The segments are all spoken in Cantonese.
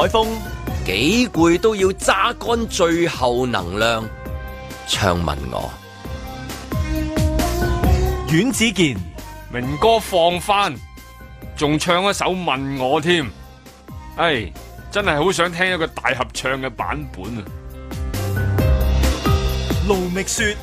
海風幾攰都要揸乾最後能量，唱問我。阮子健，明哥放翻，仲唱一首問我添。哎，真係好想聽一個大合唱嘅版本啊！盧覓雪，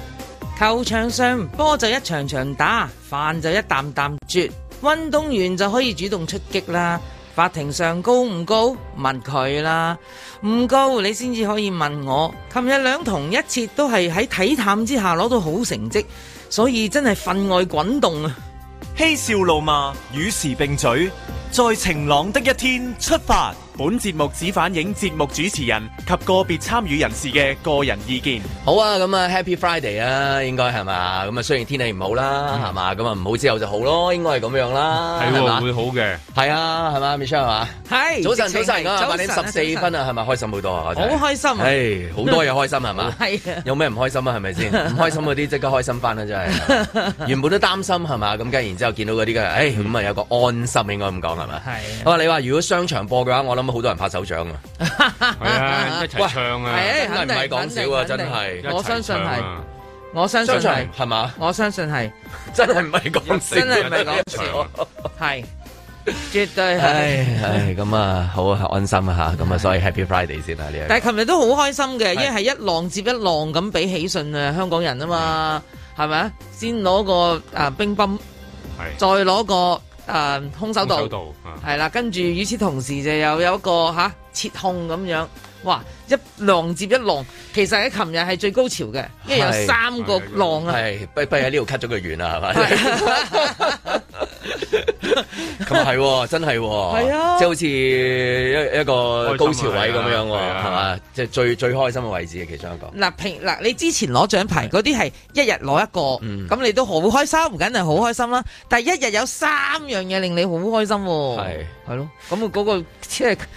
球場上波就一場場打，飯就一啖啖啜，運動員就可以主動出擊啦。法庭上高唔高？問佢啦，唔高你先至可以問我。琴日兩同一切都係喺體壇之下攞到好成績，所以真係分外滾動啊！嬉笑怒罵與時並舉，在晴朗的一天出發。本節目只反映節目主持人及個別參與人士嘅個人意見。好啊，咁啊 Happy Friday 啊，應該係嘛？咁啊雖然天氣唔好啦，係嘛？咁啊唔好之後就好咯，應該係咁樣啦，係嘛？會好嘅。係啊，係嘛，Michelle 啊，係。早晨，早晨，而家十四分啊，係咪？開心好多啊，好開心，啊！好多嘢開心係嘛？係。有咩唔開心啊？係咪先？唔開心嗰啲即刻開心翻啦，真係。原本都擔心係嘛？咁跟然之後見到嗰啲嘅，誒，咁啊有個安心，應該咁講係嘛？係。我話你話如果商場播嘅話，我諗。咁啊，好多人拍手掌啊！係啊，一齊唱啊！係，肯定唔係講笑啊，真係。我相信係，我相信係，係嘛？我相信係，真係唔係講笑，真係唔係講笑，係絕對係。唉，咁啊，好啊，安心啊，吓，咁啊，所以 Happy Friday 先啦，呢日。但係琴日都好開心嘅，因為係一浪接一浪咁俾喜訊啊，香港人啊嘛，係咪啊？先攞個啊冰棒，係，再攞個。誒、呃、空手道，係啦、嗯，跟住與此同時就又有一個嚇、啊、切控咁樣，哇！一浪接一浪，其實喺琴日係最高潮嘅，是因為有三個浪啊， 不不喺呢度 cut 咗個圓啊。係咪？咁係係，真係，係啊，即係好似一一個高潮位咁樣，係嘛、啊，即係、啊就是、最最開心嘅位置嘅其中一個。嗱，平，嗱，你之前攞獎牌嗰啲係一日攞一個，咁的你都好開心，唔緊係好開心啦。但係一日有三樣嘢令你好開心，係係咯，咁啊嗰個即係。就是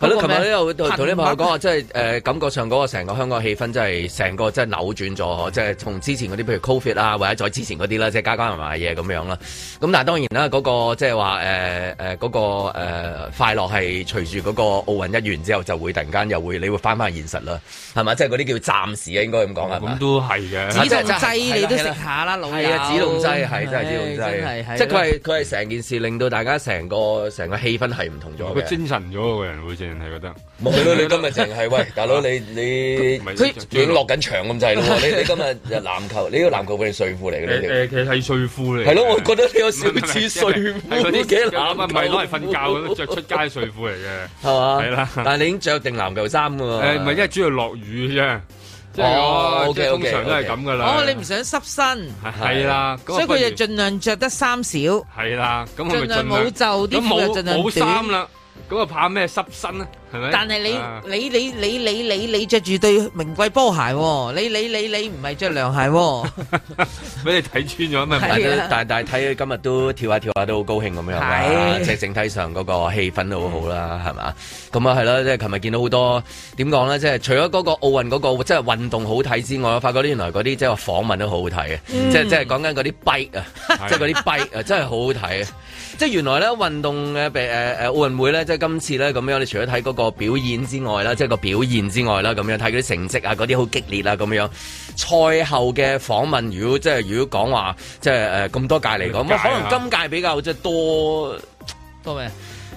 係咯，琴日呢又同啲朋友講話，即係誒感覺上嗰個成個香港氣氛，真係成個真係扭轉咗，即係從之前嗰啲，譬如 Covid 啊，或者再之前嗰啲啦，即係加加埋埋嘢咁樣啦。咁但係當然啦，嗰個即係話誒嗰個快樂係隨住嗰個奧運一完之後，就會突然間又會你會翻返現實啦，係咪？即係嗰啲叫暫時應該咁講係嘛？咁都係嘅，止痛劑你都食下啦，老友。係啊，止痛劑係真係止痛劑，即係佢係佢係成件事令到大家成個成個氣氛係唔同咗嘅，精神咗個人會。人係覺得，冇啦！你今日淨係喂大佬，你你已經落緊場咁就係咯。你你今日日籃球，呢個籃球係睡褲嚟嘅。呢條係睡褲嚟。係咯，我覺得呢個好似睡褲。啲籃球唔係攞嚟瞓覺，都着出街睡褲嚟嘅。係嘛？係啦。但係你已經着定籃球衫噶。誒，唔係因為主要落雨啫，即係通常都係咁噶啦。哦，你唔想濕身係啦，所以佢就盡量着得衫少。係啦，咁盡量冇袖，咁冇冇衫啦。咁啊，怕咩濕身啊？係咪？但係你你你你你你你着住對名貴波鞋，你你你你唔係着涼鞋，俾你睇穿咗咪？大大睇今日都跳下跳下都好高興咁樣，即係整體上嗰個氣氛都好好啦，係嘛？咁啊係啦，即係琴日見到好多點講咧，即係除咗嗰個奧運嗰個即係運動好睇之外，我發覺啲原來嗰啲即係訪問都好好睇嘅，即係即係講緊嗰啲弊啊，即係嗰啲弊啊，真係好好睇啊！即係原來咧運動嘅誒誒奧運會咧，即係今次咧咁樣。你除咗睇嗰個表演之外啦，即係個表演之外啦，咁樣睇佢啲成績啊，嗰啲好激烈啦咁樣。賽後嘅訪問，如果即係如果講話，即係誒咁多屆嚟講，啊、可能今屆比較即係多多咩？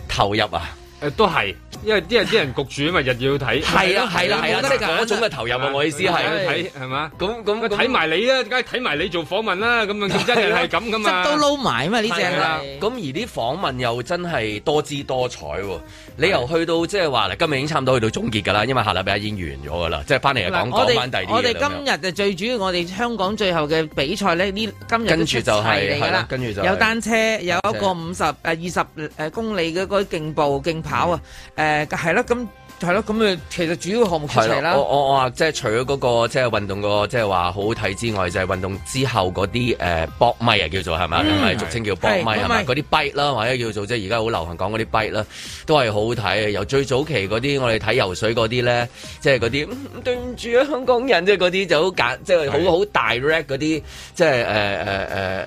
投入啊！誒，都係。因為啲人啲人焗住啊嘛，日日要睇。係啊，係啦，係啦，覺得一種嘅投入啊，我意思係睇係嘛？咁咁睇埋你啊，梗係睇埋你做訪問啦。咁樣點解要係咁噶嘛？都撈埋啊嘛，呢隻啊。咁而啲訪問又真係多姿多彩喎。你由去到即係話今日已經差唔多去到總結㗎啦，因為下禮拜已經完咗㗎啦。即係翻嚟又講講翻第二。我哋今日就最主要，我哋香港最後嘅比賽咧，呢今日跟住就係係啦，跟住就有單車，有一個五十誒二十誒公里嗰個競步競跑啊，誒。誒，係啦，咁。係咯，咁啊，其實主要項目其實係啦了。我我我話即係除咗嗰、那個即係、就是、運動、那個即係話好好睇之外，就係、是、運動之後嗰啲誒搏咪啊叫做係咪，係、嗯、嗎俗稱叫搏咪係咪？嗰啲 bite 啦，或者叫做即係而家好流行講嗰啲 bite 啦，都係好好睇。由最早期嗰啲我哋睇游水嗰啲咧，即係嗰啲對唔住啊香港人即係嗰啲就好簡，即係好好 direct 嗰啲，即係誒誒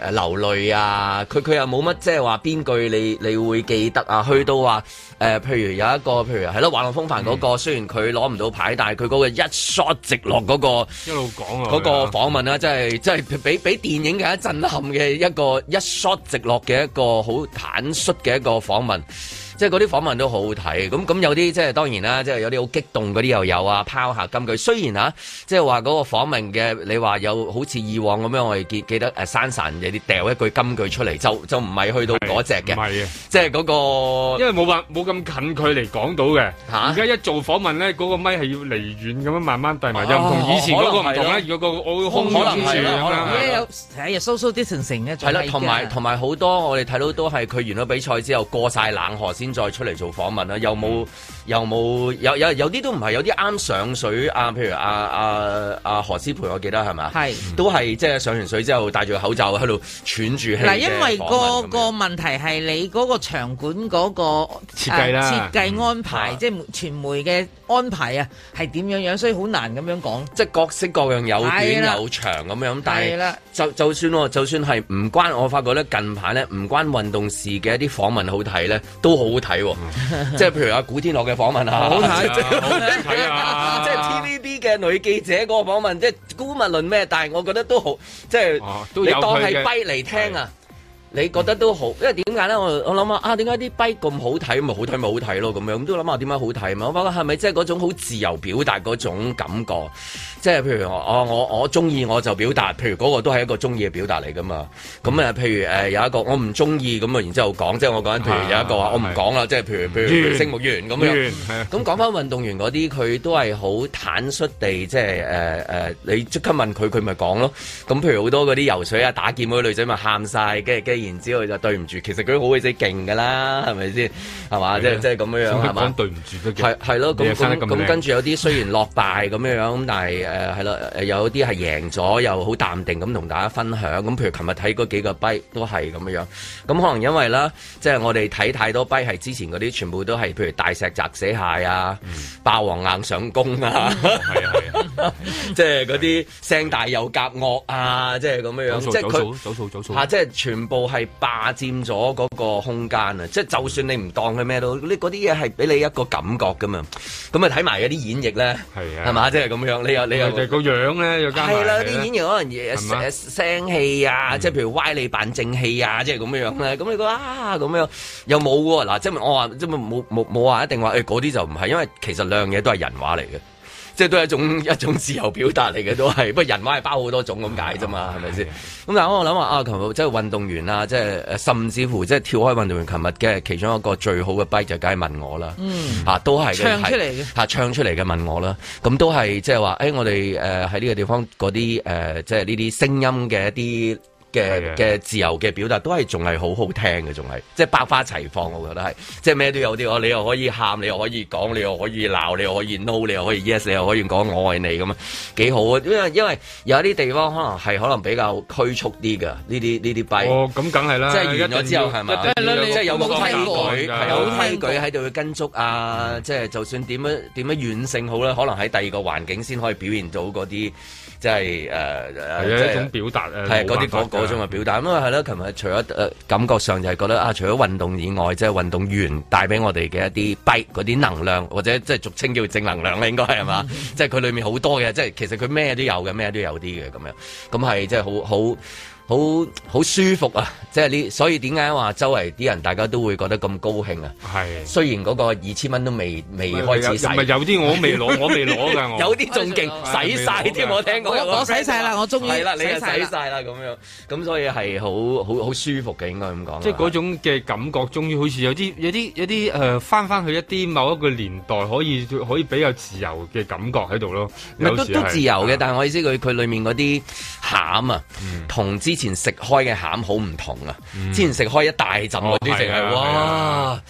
誒流淚啊！佢佢又冇乜即係話邊句你你會記得啊？去到話、呃、譬如有一個，譬如係咯滑浪風帆嗰個雖然佢攞唔到牌，但係佢嗰個一 shot 直落嗰、嗰個，嗯、一路講啊，嗰個訪問啦，真係真係比比電影更加震撼嘅一個一 shot 直落嘅一個好坦率嘅一個訪問。即係嗰啲訪問都好好睇，咁咁有啲即係當然啦，即係有啲好激動嗰啲又有啊，拋下金句。雖然嚇，即係話嗰個訪問嘅，你話有好似以往咁樣，我哋記得、啊、山神有啲掉一句金句出嚟，就就唔係去到嗰隻嘅。唔係啊，即係嗰、那個。因為冇話冇咁近距離講到嘅。而家、啊、一做訪問呢，嗰、那個咪係要離遠咁樣慢慢遞埋，又唔、啊、同以前嗰個唔同啦。果、那個我空住咁啦。可能係。的有睇日疏疏啲成成嘅。係啦，同埋同埋好多我哋睇到都係佢完咗比賽之後過曬冷河先，再出嚟做訪問啦，有冇？有冇有有有啲都唔係，有啲啱上水啊，譬如啊啊啊何思培，我記得，係咪？係是都係即係上完水之後戴住個口罩喺度、嗯、喘住氣，嗱，因為、個個問題係你個場館、個設計啦、設計、啊、安排，啊、即係傳媒嘅安排啊，係點樣樣，所以好難咁樣講，即係各式各樣有短有長咁樣，了但係就就算就算係唔關我，我發覺咧，近排咧唔關運動事嘅一啲訪問好睇咧，都好好睇。 即係譬如阿古天樂。嘅訪問下好啊，好睇即係 TVB 嘅女記者嗰個訪問，即係姑勿論咩，但係我覺得都好，即係你當係跛嚟聽啊。你覺得都好，因為點解咧？我我諗下啊，點解啲跛咁好睇？咪好睇咪好睇咯，咁樣都諗下點解好睇嘛？我發覺係咪即係嗰種好自由表達嗰種感覺？即、就、係、是、譬如、哦、我我我中意我就表達，譬如嗰個都係一個中意嘅表達嚟噶嘛。咁啊、嗯，譬如誒、呃、有一個我唔中意咁啊，然之後講，即、就、係、是、我講緊譬如有一個話我唔講啦，即係、啊、譬如譬如譬如完星目圓咁樣。咁講翻運動員嗰啲，佢都係好坦率地即係誒誒，你即刻問佢，佢咪講咯。咁譬如好多嗰啲游水啊、打劍嗰啲女仔，咪喊晒。然之後就對唔住，其實佢好鬼死勁㗎啦，係咪先？係嘛？即係即係咁樣樣，係嘛？講對唔住都係咯。咁跟住有啲雖然落敗咁樣樣，咁但係誒係啦，有啲係贏咗，又好淡定咁同大家分享。咁譬如琴日睇嗰幾個波都係咁樣樣。咁可能因為啦，即係我哋睇太多波係之前嗰啲全部都係譬如大石砸死蟹啊，霸王硬上弓啊，係啊，即係嗰啲聲大又夾惡啊，即係咁樣樣。即係佢，走數走數嚇，即係全部。係霸佔咗嗰個空間啊！即係就算你唔當佢咩都，你嗰啲嘢係俾你一個感覺噶嘛。咁啊睇埋嗰啲演繹咧，係啊，係嘛，即係咁樣。你又你又就係個樣咧，又加係啦。啲演員可能聲氣啊，即係譬如歪理扮正氣啊，即係咁樣咧。咁你覺得啊，咁樣又冇嗱。即係我話，即係冇冇冇話一定話。誒，嗰啲就唔係，因為其實兩樣嘢都係人話嚟嘅。即係都係一種一種自由表達嚟嘅，都係，不過人話係包好多種咁解啫嘛，係咪先？咁但係我諗話啊，琴日即係運動員啊，即係甚至乎即係跳開運動員，琴日嘅其中一個最好嘅 bite 就梗係問我啦，啊都係唱出嚟嘅，嚇唱出嚟嘅問我啦，咁、啊、都係即係話，誒、就是哎、我哋誒喺呢個地方嗰啲誒，即係呢啲聲音嘅一啲，嘅嘅自由嘅表達都係仲係好好聽嘅，仲係即係百花齊放，我覺得係即係咩都有啲我你又可以喊，你又可以講，你又可以鬧，你又可以 no，你又可以 yes，你又可以講我愛你咁啊幾好啊！因為因為有啲地方可能係可能比較拘束啲㗎。呢啲呢啲碑哦，咁梗係啦，即係完咗之後係咪？吧即係有個規矩，有規矩喺度去跟足啊！即係、嗯、就，就算點樣點樣軟性好啦，可能喺第二個環境先可以表現到嗰啲。即係誒，呃啊、即係一種表達、呃、啊！係嗰啲嗰種嘅表達，咁啊係啦。琴日除咗誒、呃、感覺上就係覺得啊，除咗運動以外，即、就、係、係、運動員帶俾我哋嘅一啲悲嗰啲能量，或者即係俗稱叫正能量啦，應該係嘛？即係佢裏面好多嘅，即係其實佢咩都有嘅，咩都有啲嘅咁樣，咁係即係好好。好好舒服啊！即係呢，所以點解話周圍啲人大家都會覺得咁高興啊？係雖然嗰個二千蚊都未未開始使，唔係有啲我未攞，我未攞㗎，有啲仲勁使晒添，我聽講我使晒啦，我鍾意係啦，你係使晒啦咁樣，咁所以係好好好舒服嘅，應該咁講。即係嗰種嘅感覺，終於好似有啲有啲有啲誒，翻翻去一啲某一個年代，可以可以比較自由嘅感覺喺度咯。唔係都都自由嘅，但係我意思佢佢裏面嗰啲餡啊，同之前食開嘅餡好唔同啊！之前食開一大陣啊，啲淨係哇，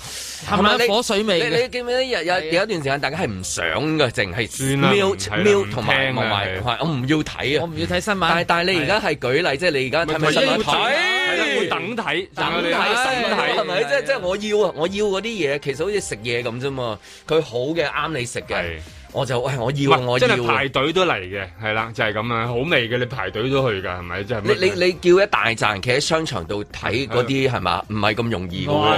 係咪火水味？你記唔記得有有一段時間大家係唔想㗎？淨係 mute mute 同埋同埋我唔要睇啊！我唔要睇新聞。但係但係你而家係舉例，即係你而家係咪會等睇？等睇新聞睇係咪？即即係我要啊！我要嗰啲嘢，其實好似食嘢咁啫嘛。佢好嘅啱你食嘅。我就喂我要我要，係排隊都嚟嘅，係啦，就係咁啊，好味嘅，你排隊都去噶，係咪？即係你你叫一大扎人企喺商場度睇嗰啲係嘛？唔係咁容易嘅嘛。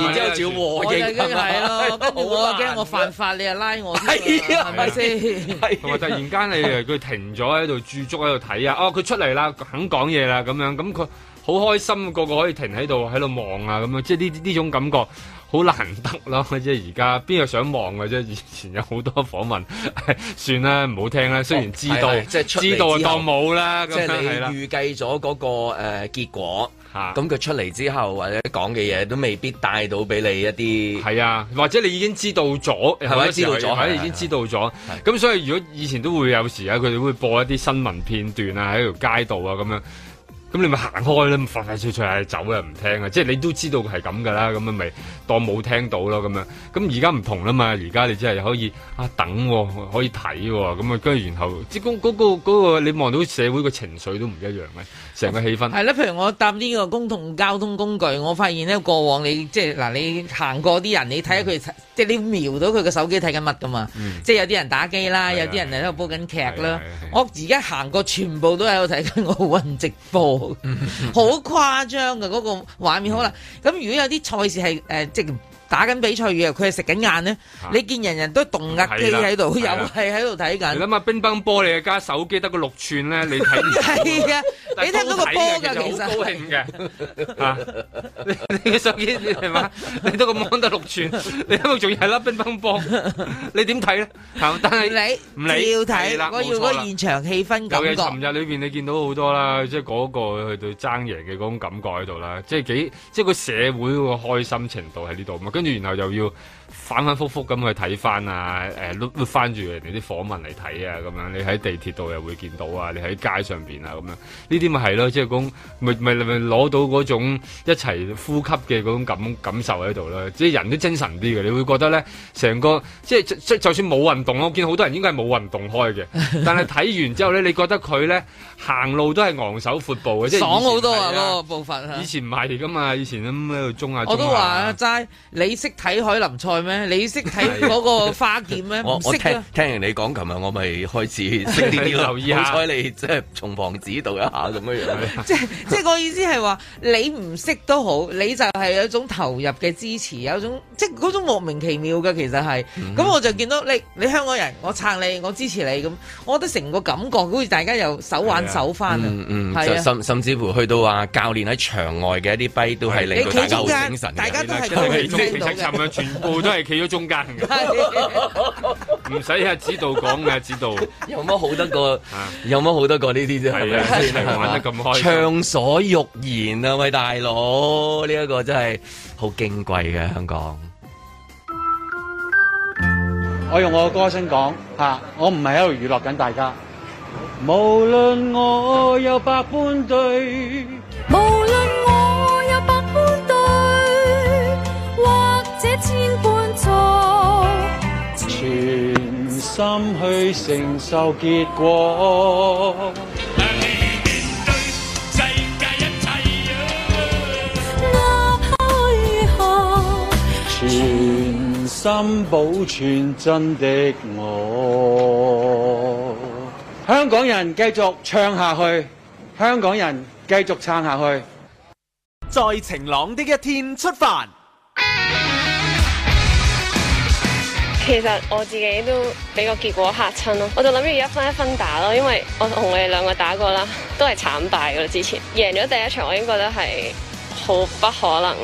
然之後照和應，我係咯。跟住我驚我犯法，你又拉我係咪先。同埋突然間，你佢停咗喺度駐足喺度睇啊！哦，佢出嚟啦，肯講嘢啦，咁樣咁佢。好開心，個個可以停喺度，喺度望啊咁樣，即係呢呢種感覺好難得啦！即係而家邊個想望嘅啫？以前有好多訪問，哎、算啦，唔好聽啦。雖然知道，哦、即知道就當冇啦。即係你預計咗嗰個誒、呃、結果嚇，咁佢的出嚟之後或者講嘅嘢都未必帶到俾你一啲。係啊，或者你已經知道咗，係咪吧知道咗？係的已經知道咗。咁所以如果以前都會有時啊，佢哋會播一啲新聞片段啊，喺條街道啊咁樣。咁你咪行開啦，咁快快脆脆走又、啊、唔、啊啊、聽啊！即係你都知道係咁噶啦，咁樣咪當冇聽到咯咁樣。咁而家唔同啦嘛，而家你真係可以啊等啊，可以睇喎、啊。咁啊跟住然後即係嗰、那個嗰個嗰、嗰個你望到社會個情緒都唔一樣嘅、啊，成個氣氛。係啦，譬如我搭呢個公共交通工具，我發現呢過往你即係嗱你行過啲人，你睇下佢即係你瞄到佢個手機睇緊乜噶嘛？嗯、即係有啲人打機啦，的有啲人喺度煲緊劇啦。的的我而家行過全部都喺度睇緊奧運直播。好誇張嘅嗰個畫面，可能咁如果有啲賽事係誒、呃，即打緊比賽嘅佢係食緊晏咧，你見人人都動壓機喺度，又係喺度睇緊。你諗下，乒乓波你又加手機得個六寸咧，你睇唔到。係啊，你聽到個波㗎其實。好高興嘅，嚇！你嘅手機係嘛？你都咁得六寸，你咁又仲要係粒乒乓波，你點睇咧？係嘛？但係唔理，唔理要睇。冇錯啦。我要個現場氣氛感覺。尤其尋日裏邊你見到好多啦，即係嗰個去到爭贏嘅嗰種感覺喺度啦，即係幾，即係個社會個開心程度喺呢度嘛。跟住，然後又要。反反覆覆咁去睇、呃、翻啊，誒翻住人哋啲訪問嚟睇啊，咁樣你喺地鐵度又會見到啊，你喺街上邊啊咁樣，呢啲咪係咯，即係講咪咪咪攞到嗰種一齊呼吸嘅嗰種感感受喺度咯，即係人都精神啲嘅，你會覺得咧成個即係即就，就，就算冇運動，我見好多人應該係冇運動開嘅， 但係睇完之後咧，你覺得佢咧行路都係昂首闊步嘅，即係、啊、爽好多啊嗰個步伐。以前唔係㗎嘛，以前咁喺度中啊，中啊我都話齋，啊、你識睇海林賽咩？你識睇嗰個花劍咩 我？我唔識，我聽聽完你講，琴日我咪開始識啲啲留意一下。 好彩你即係從旁指導一下咁嘅樣 即。即即個意思係話，你唔識都好，你就係有種投入嘅支持，有種即嗰種莫名其妙嘅其實係。咁、嗯、哼我就見到你你香港人，我撐你，我支持你咁，我覺得成個感覺好似大家又手挽手翻甚甚至乎去到話教練喺場外嘅一啲碑都係令到大家好精神嘅。大家都係 其實全部都係。 企咗中間嘅，唔使阿指導講嘅，阿指導有乜好得過？有乜好得過呢啲啫？係 吧啊，吧玩得咁開心，暢所欲言啊，喂大佬，呢、這、一個真係好矜貴嘅香港。 我用我嘅歌聲講吓、啊，我唔係喺度娛樂緊大家。無論我有百般對， 無論我有百般對，或者千。全心去承受結果，面對世界一切，哪怕如何，全心保存真的我。香港人繼續唱下去，香港人繼續撐下去，在晴朗的一天出發。其實我自己都俾個結果嚇親咯，我就諗住一分一分打咯，因為我同你哋兩個打過啦，都係慘敗噶啦。之前贏咗第一場，我已經覺得係好不可能。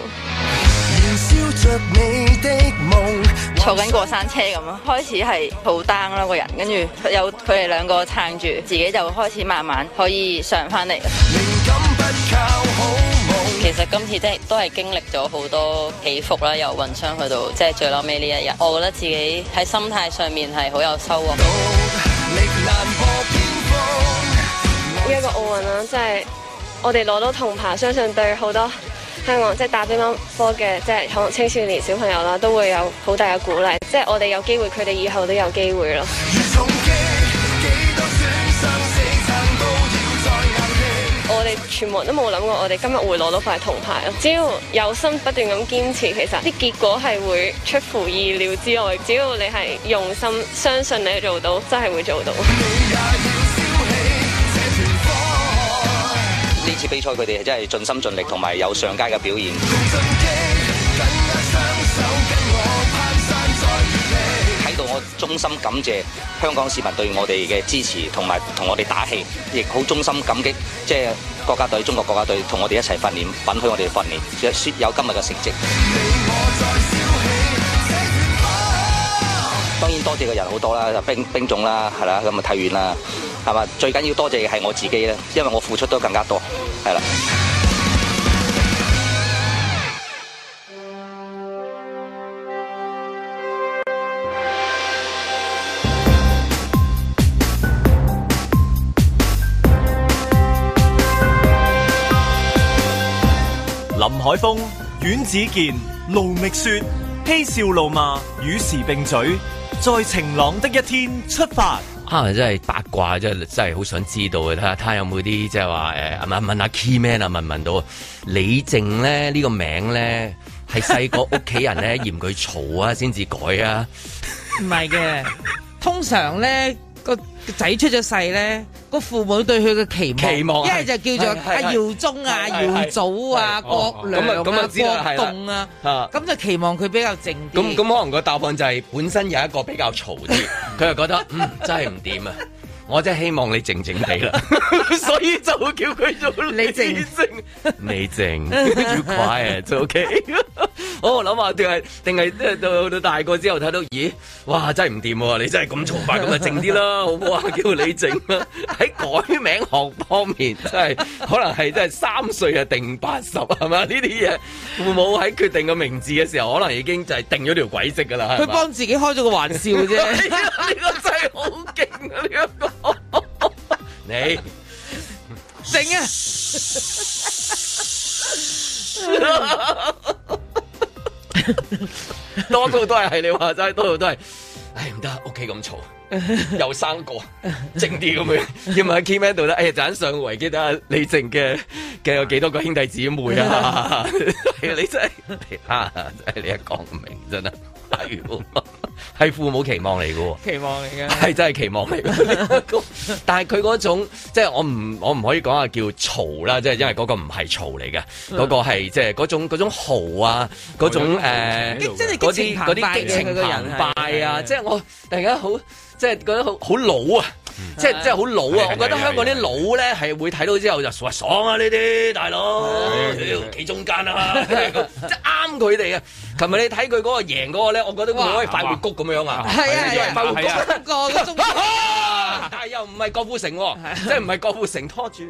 燃燒着你的夢，坐緊過山車咁啊，開始係好 down 咯個人，跟住有佢哋兩個撐住，自己就開始慢慢可以上翻嚟。其實今次即係都係經歷咗好多起伏啦，由運傷去到即係最落尾呢一日，我覺得自己喺心態上面係好有收穫的。呢一個奧運啦，即係我哋攞到銅牌，相信對好多香港即係打乒乓波嘅即係可能青少年小朋友啦，都會有好大嘅鼓勵，即係我哋有機會，佢哋以後都有機會咯。全部人都冇諗過我哋今日會攞到塊銅牌咯。只要有心不斷咁堅持，其實啲結果係會出乎意料之外。只要你係用心，相信你做到，真係會做到。呢次比賽佢哋真係盡心盡力，同埋有上佳嘅表現。我衷心感謝香港市民對我哋嘅支持同埋同我哋打氣，亦好衷心感激即係、就是、國家隊、中國國家隊同我哋一齊訓練、允許我哋訓練，有今日嘅成績。當然多謝嘅人好多啦，乒乓總啦係啦，咁啊體院啦係嘛，最緊要多謝嘅係我自己啦，因為我付出都更加多，係啦。海風、阮子健、盧覓雪、嬉笑怒罵、與時並嘴，在晴朗的一天出發。啊！真係八卦，真係真係好想知道啊！睇下他有冇啲即係話誒，問問阿、啊、key man 啊，問問到李靖咧？呢、這個名咧係細個屋企人咧 嫌佢嘈啊，先至改啊。唔係嘅，通常咧個。個仔出咗世咧，個父母對佢嘅期望，期望一係就叫做阿耀宗啊、耀祖啊、國樑啊、國棟啊，咁就期望佢比較靜啲。咁咁可能個答案就係本身有一個比較嘈啲，佢就覺得嗯真係唔掂啊。我真係希望你靜靜哋啦， 所以就會叫佢做李靜。李靜，You quiet，OK？好，我諗下定係定係，即係到到大個之後睇到，咦？哇，真係唔掂喎！你真係咁嘈法，咁 就靜啲啦，好唔好啊？ 叫李靜啦。喺改名學方面，真係可能係真係三歲呀定八十，係咪呢啲嘢？父母喺決定個名字嘅時候，可能已經就係定咗條軌跡噶啦。佢幫自己開咗個玩笑啫。呢個真係好勁啊！呢一個。你靜啊！多度都係係你話齋，多度都係，唉，唔得，屋企咁嘈，又生個，靜啲咁樣，要唔喺 K Man 度咧？哎呀，就喺上圍記得阿李靜嘅嘅有幾多個兄弟姊妹啊？你真係啊，真係你一講唔明真係！係 父母期望嚟噶，期望嚟嘅，係真係期望嚟。 但係佢嗰種即係我唔我唔可以講話叫嘈啦，即、就、係、是、因為嗰個唔係嘈嚟嘅，嗰 個係即係嗰種嗰種豪啊，嗰種誒，人呃、即係激、呃、即情澎湃嘅人係啊，即係我突然間好即係覺得好好老啊。 即係即係好老啊！我覺得香港啲老咧係會睇到之後就說爽啊！呢啲大佬，你要企中間啊！即係啱佢哋啊！琴日你睇佢嗰個贏嗰個咧，我覺得佢可以快活谷咁樣啊！係、哦哦、啊，快活、啊啊、谷個中，啊啊、但係又唔係郭富城喎、啊，即係唔係郭富城拖住，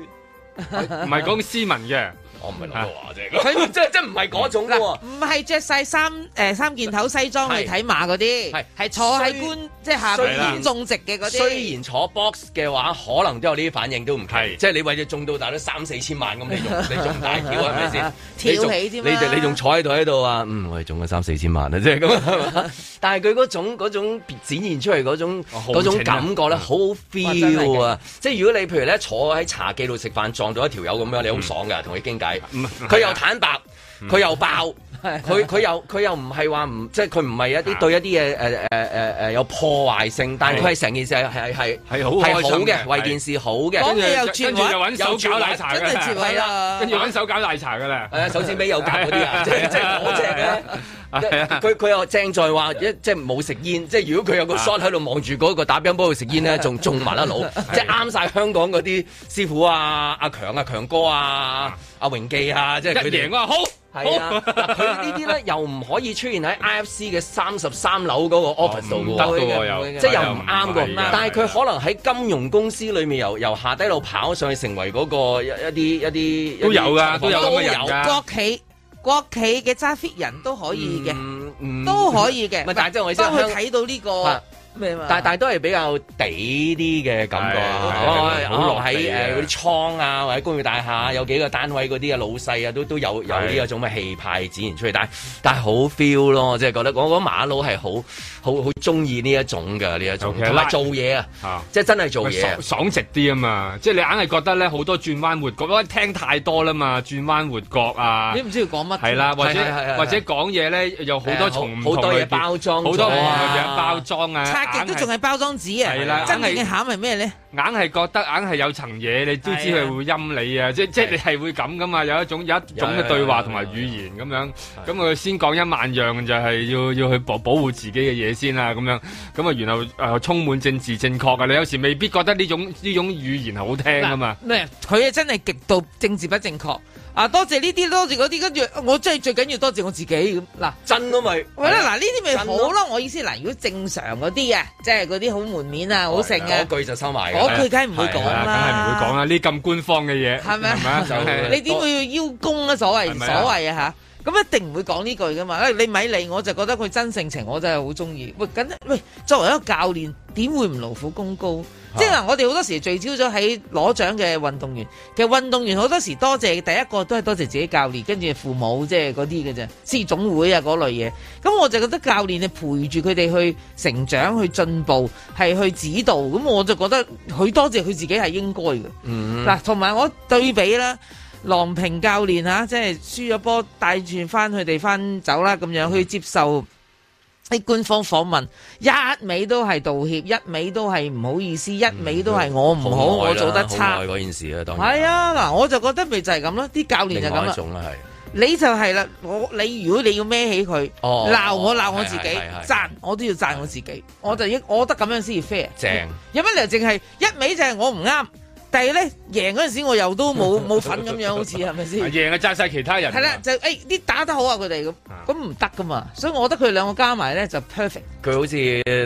唔係講斯文嘅。我唔係諗個話啫，即係即係唔係嗰種㗎，唔係着晒三誒三件頭西裝去睇馬嗰啲，係坐喺觀即係下面種植嘅嗰啲。雖然坐 box 嘅話，可能都有呢啲反應都唔係，即係你為咗種到大都三四千萬咁你種，你種大條啊？係咪先？跳起你你仲坐喺度喺度啊？嗯，我哋種咗三四千萬啊啫咁，但係佢嗰種嗰種展現出嚟嗰種嗰種感覺咧，好好 feel 啊！即係如果你譬如咧坐喺茶記度食飯撞到一條友咁樣，你好爽㗎，同佢傾偈。佢又坦白，佢又爆，佢佢又佢又唔係話唔，即係佢唔係一啲對一啲嘢誒誒誒誒有破壞性，但係佢係成件事係係係係好係好嘅為件事好嘅，跟住跟住就揾手搞奶茶，真係跟住揾手搞奶茶噶啦，手指尾有夾嗰啲啊，即係嗰隻係啊！佢佢又正在話，一即係冇食煙。即係如果佢有個 shot 喺度望住嗰個打乒乓波去食煙咧，仲仲麻甩佬，即係啱晒香港嗰啲師傅啊、阿強啊、強哥啊、阿榮記啊，即係佢贏啊！好，係啊！佢呢啲咧又唔可以出現喺 IFC 嘅三十三樓嗰個 office 度喎，即係又唔啱㗎。但係佢可能喺金融公司裡面，由由下低路跑上去，成為嗰個一啲一啲都有㗎，都有咁嘅人㗎。國企。國企嘅揸 fit 人都可以嘅，嗯嗯、都可以嘅。唔但係即係我哋先睇到呢、呢個。啊但但都係比較地啲嘅感覺，好落喺誒嗰啲倉啊，或者工業大廈有幾個單位嗰啲啊，老細啊都都有有呢一種嘅氣派展現出嚟，但係但係好 feel 咯，即係覺得我覺得馬老係好好好中意呢一種㗎呢一種，同埋做嘢啊，即係真係做嘢，爽直啲啊嘛，即係你硬係覺得咧好多轉彎抹角，因為聽太多啦嘛，轉彎抹角啊，你唔知要講乜，係啦，或者或者講嘢咧有好多重好多嘢包裝，好多嘢嘅包裝啊。都仲係包裝紙啊！係啦，硬嘅餡係咩咧？硬係覺得硬係有層嘢，你都知佢會陰你啊的！即即你係會咁噶嘛？有一種有一種嘅對話同埋語言咁樣，咁佢先講一萬樣就係要要去保保護自己嘅嘢先啦，咁樣咁啊，然後誒、呃、充滿政治正確噶，你有時未必覺得呢種呢種語言好聽啊嘛。咩？佢啊真係極度政治不正確。啊！多謝呢啲，多謝嗰啲，跟住我真係最緊要多謝我自己咁嗱，真都咪，係啦嗱，呢啲咪好咯。我意思嗱，如果正常嗰啲啊，即係嗰啲好門面啊，好盛啊，嗰句就收埋，嗰句梗係唔會講啦，梗係唔會講啦。呢咁官方嘅嘢，係咪？你點會邀功啊？所謂，所謂啊吓，咁一定唔會講呢句噶嘛。你咪理我，我就覺得佢真性情，我真係好中意。喂，咁喂，作為一個教練，點會唔勞苦功高？即係我哋好多時聚焦咗喺攞獎嘅運動員，其實運動員好多時多謝第一個都係多謝自己教練，跟住父母即係嗰啲嘅啫，市總會啊嗰類嘢。咁我就覺得教練係陪住佢哋去成長、去進步，係去指導。咁我就覺得佢多謝佢自己係應該嘅。嗱，mm，hmm. 同埋我對比啦，郎平教練吓，即係輸咗波帶住翻佢哋翻走啦，咁樣去接受。喺官方訪問一味都係道歉，一味都係唔好意思，一味都係我唔好，嗯、我做得差。好愛嗰件事啊，當然係啊嗱，我就覺得咪就係咁咯，啲教練就咁啦。你就係啦，我你如果你要孭起佢，鬧、哦、我鬧我自己，讚我都要讚我自己，是是我就應我覺得咁樣先至 fair。正有乜理由淨係一味就係我唔啱？但係咧，贏嗰陣時候我又都冇冇份咁樣，好似係咪先？ 是是贏啊，揸晒其他人。係啦，就誒啲、欸、打得好啊，佢哋咁，咁唔得噶嘛。所以我覺得佢兩個加埋咧就 perfect。佢好似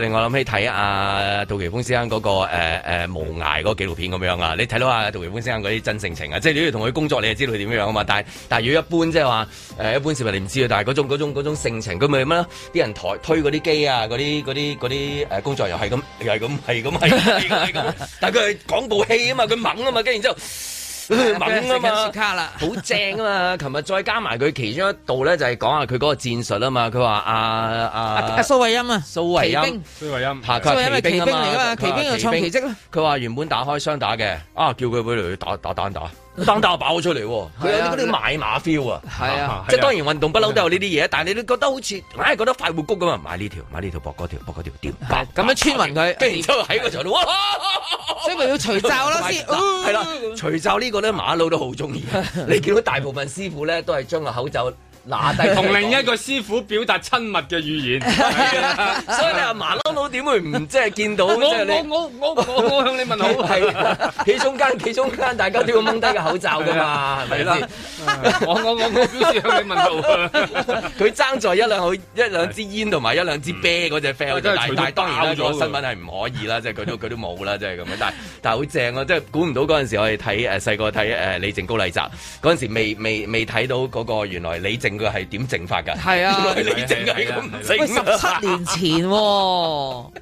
令我諗起睇阿、啊、杜琪峰先生嗰、那個誒誒、呃呃、無涯嗰個紀錄片咁樣啊。你睇到阿、啊、杜琪峰先生嗰啲真性情啊，即係你要同佢工作你就知道佢點樣啊嘛。但係但係如果一般即係話誒一般市民你唔知啊。但係嗰種嗰種性情，佢咪咩咯？啲人抬推嗰啲機啊，嗰啲嗰啲啲誒工作又係咁，又係咁，係咁係。但係佢係講部戲啊嘛，猛啊嘛，跟住然之後猛啊嘛，好正啊嘛。琴日再加埋佢其中一道咧，就係講下佢嗰個戰術啊嘛。佢話阿阿蘇慧音啊，蘇慧音，蘇慧音，蘇慧音係奇兵嚟噶嘛，奇兵又創奇蹟啦。佢話原本打開雙打嘅，啊叫佢會嚟去打打打打。打單打當當啊，跑出嚟喎！佢有啲嗰啲買馬 feel 啊，係啊，即係當然運動不嬲都有呢啲嘢啊，但係你都覺得好似硬係覺得快活谷咁啊，買呢條買呢條搏嗰條搏嗰條點？咁樣穿勻佢，跟住然之後喺個場度，所以咪要除罩咯先。係啦，除罩呢個咧馬佬都好中意，你見到大部分師傅咧都係將個口罩。同另一個師傅表達親密嘅語言，所以你話麻撈佬點會唔即係見到？即我我我我我向你問好，係企中間，企中間，大家都要掹低個口罩㗎嘛？係咪啦？我我我我表示向你問好。佢爭在一兩一兩支煙同埋一兩支啤嗰隻 feel，但但當然咧，個新聞係唔可以啦，即係佢都佢都冇啦，即係咁樣。但但好正啊，即係估唔到嗰陣時，我哋睇誒細個睇誒李靜高麗雜嗰陣時，未未未睇到嗰個原來李靜。佢係點整法㗎？係啊，你整係咁十七年前喎，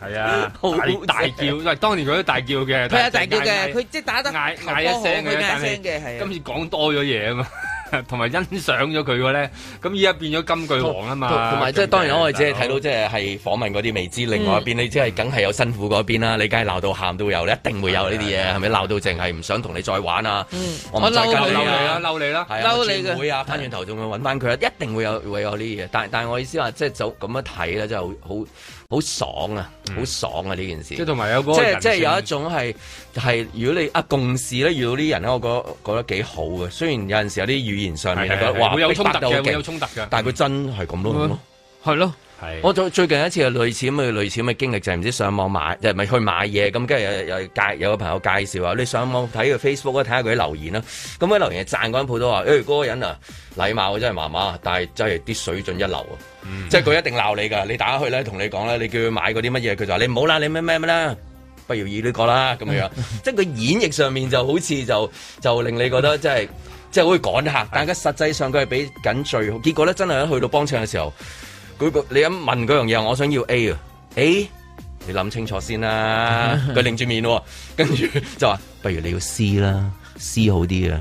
係啊，好大叫，因為當年佢都大叫嘅。係啊，大叫嘅，佢即係打得嗌嗌一聲嘅，但係今次講多咗嘢啊嘛。同埋 欣賞咗佢嘅咧，咁依家變咗金句王啊嘛，同埋即係當然我哋只係睇到即係係訪問嗰啲未知，嗯、另外一邊你即係梗係有辛苦嗰邊啦，你梗係鬧到喊都有，一定會有呢啲嘢，係咪鬧到淨係唔想同你再玩啊？嗯、我唔再跟你啦、啊、嬲你啦、啊，係你串、啊啊啊啊、會啊，翻轉的頭仲要搵翻佢啦，一定會有會有啲嘢，但係但我意思話即係就咁樣睇咧，就係好。好爽啊，好爽啊！呢、嗯、件事即係同埋有嗰即係即係有一種係係，如果你啊共事咧遇到啲人咧，我覺得我覺得幾好嘅。雖然有陣時有啲語言上面覺得話哇會有衝突嘅，會有衝突嘅，但係佢真係咁咯，係咯、嗯。嗯是我最近一次係類似咁嘅類似咁嘅經歷就係唔知上網買即係咪去買嘢咁，跟住介有個朋友介紹話你上網睇個 Facebook 睇下佢啲留言啦。咁、那、佢、個、留言讚嗰間舖都話誒，嗰、欸那個人啊禮貌我真係麻麻，但係真係啲水準一流啊！嗯、即係佢一定鬧你㗎，你打去咧同你講咧，你叫佢買嗰啲乜嘢，佢就話你唔好啦，你咩咩咩啦，不如意呢個啦咁嘅樣。即係佢演繹上面就好似就就令你覺得 即係即係可以趕客，但係佢實際上佢係俾緊最好結果咧，真係去到幫襯嘅時候。你一問嗰樣嘢，我想要 A 啊，a 你諗清楚先啦。佢擰住面，跟住就話：不如你要 C 啦，C 好啲啊！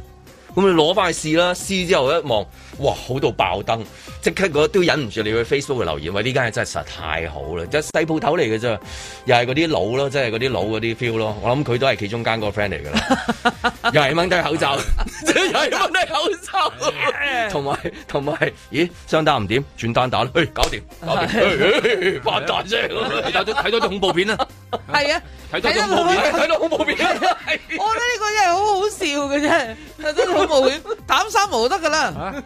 咁你攞翻去試啦，試之後一望，哇，好到爆燈，即刻嗰都忍唔住你去 Facebook 嘅留言，喂，呢間嘢真係實在太好啦！即係細鋪頭嚟嘅啫，又係嗰啲老咯，即係嗰啲老嗰啲 feel 咯。我諗佢都係其中間個 friend 嚟嘅啦， 又係掹低口罩， 又係掹低口罩，同埋同埋，咦雙打唔掂，轉單打去、欸，搞掂，搞掂、 欸，發大聲，睇咗睇咗啲恐怖片啦，係啊！睇到恐怖片。我覺得呢個真係好好笑嘅啫，睇到恐怖片，膽生毛得噶啦，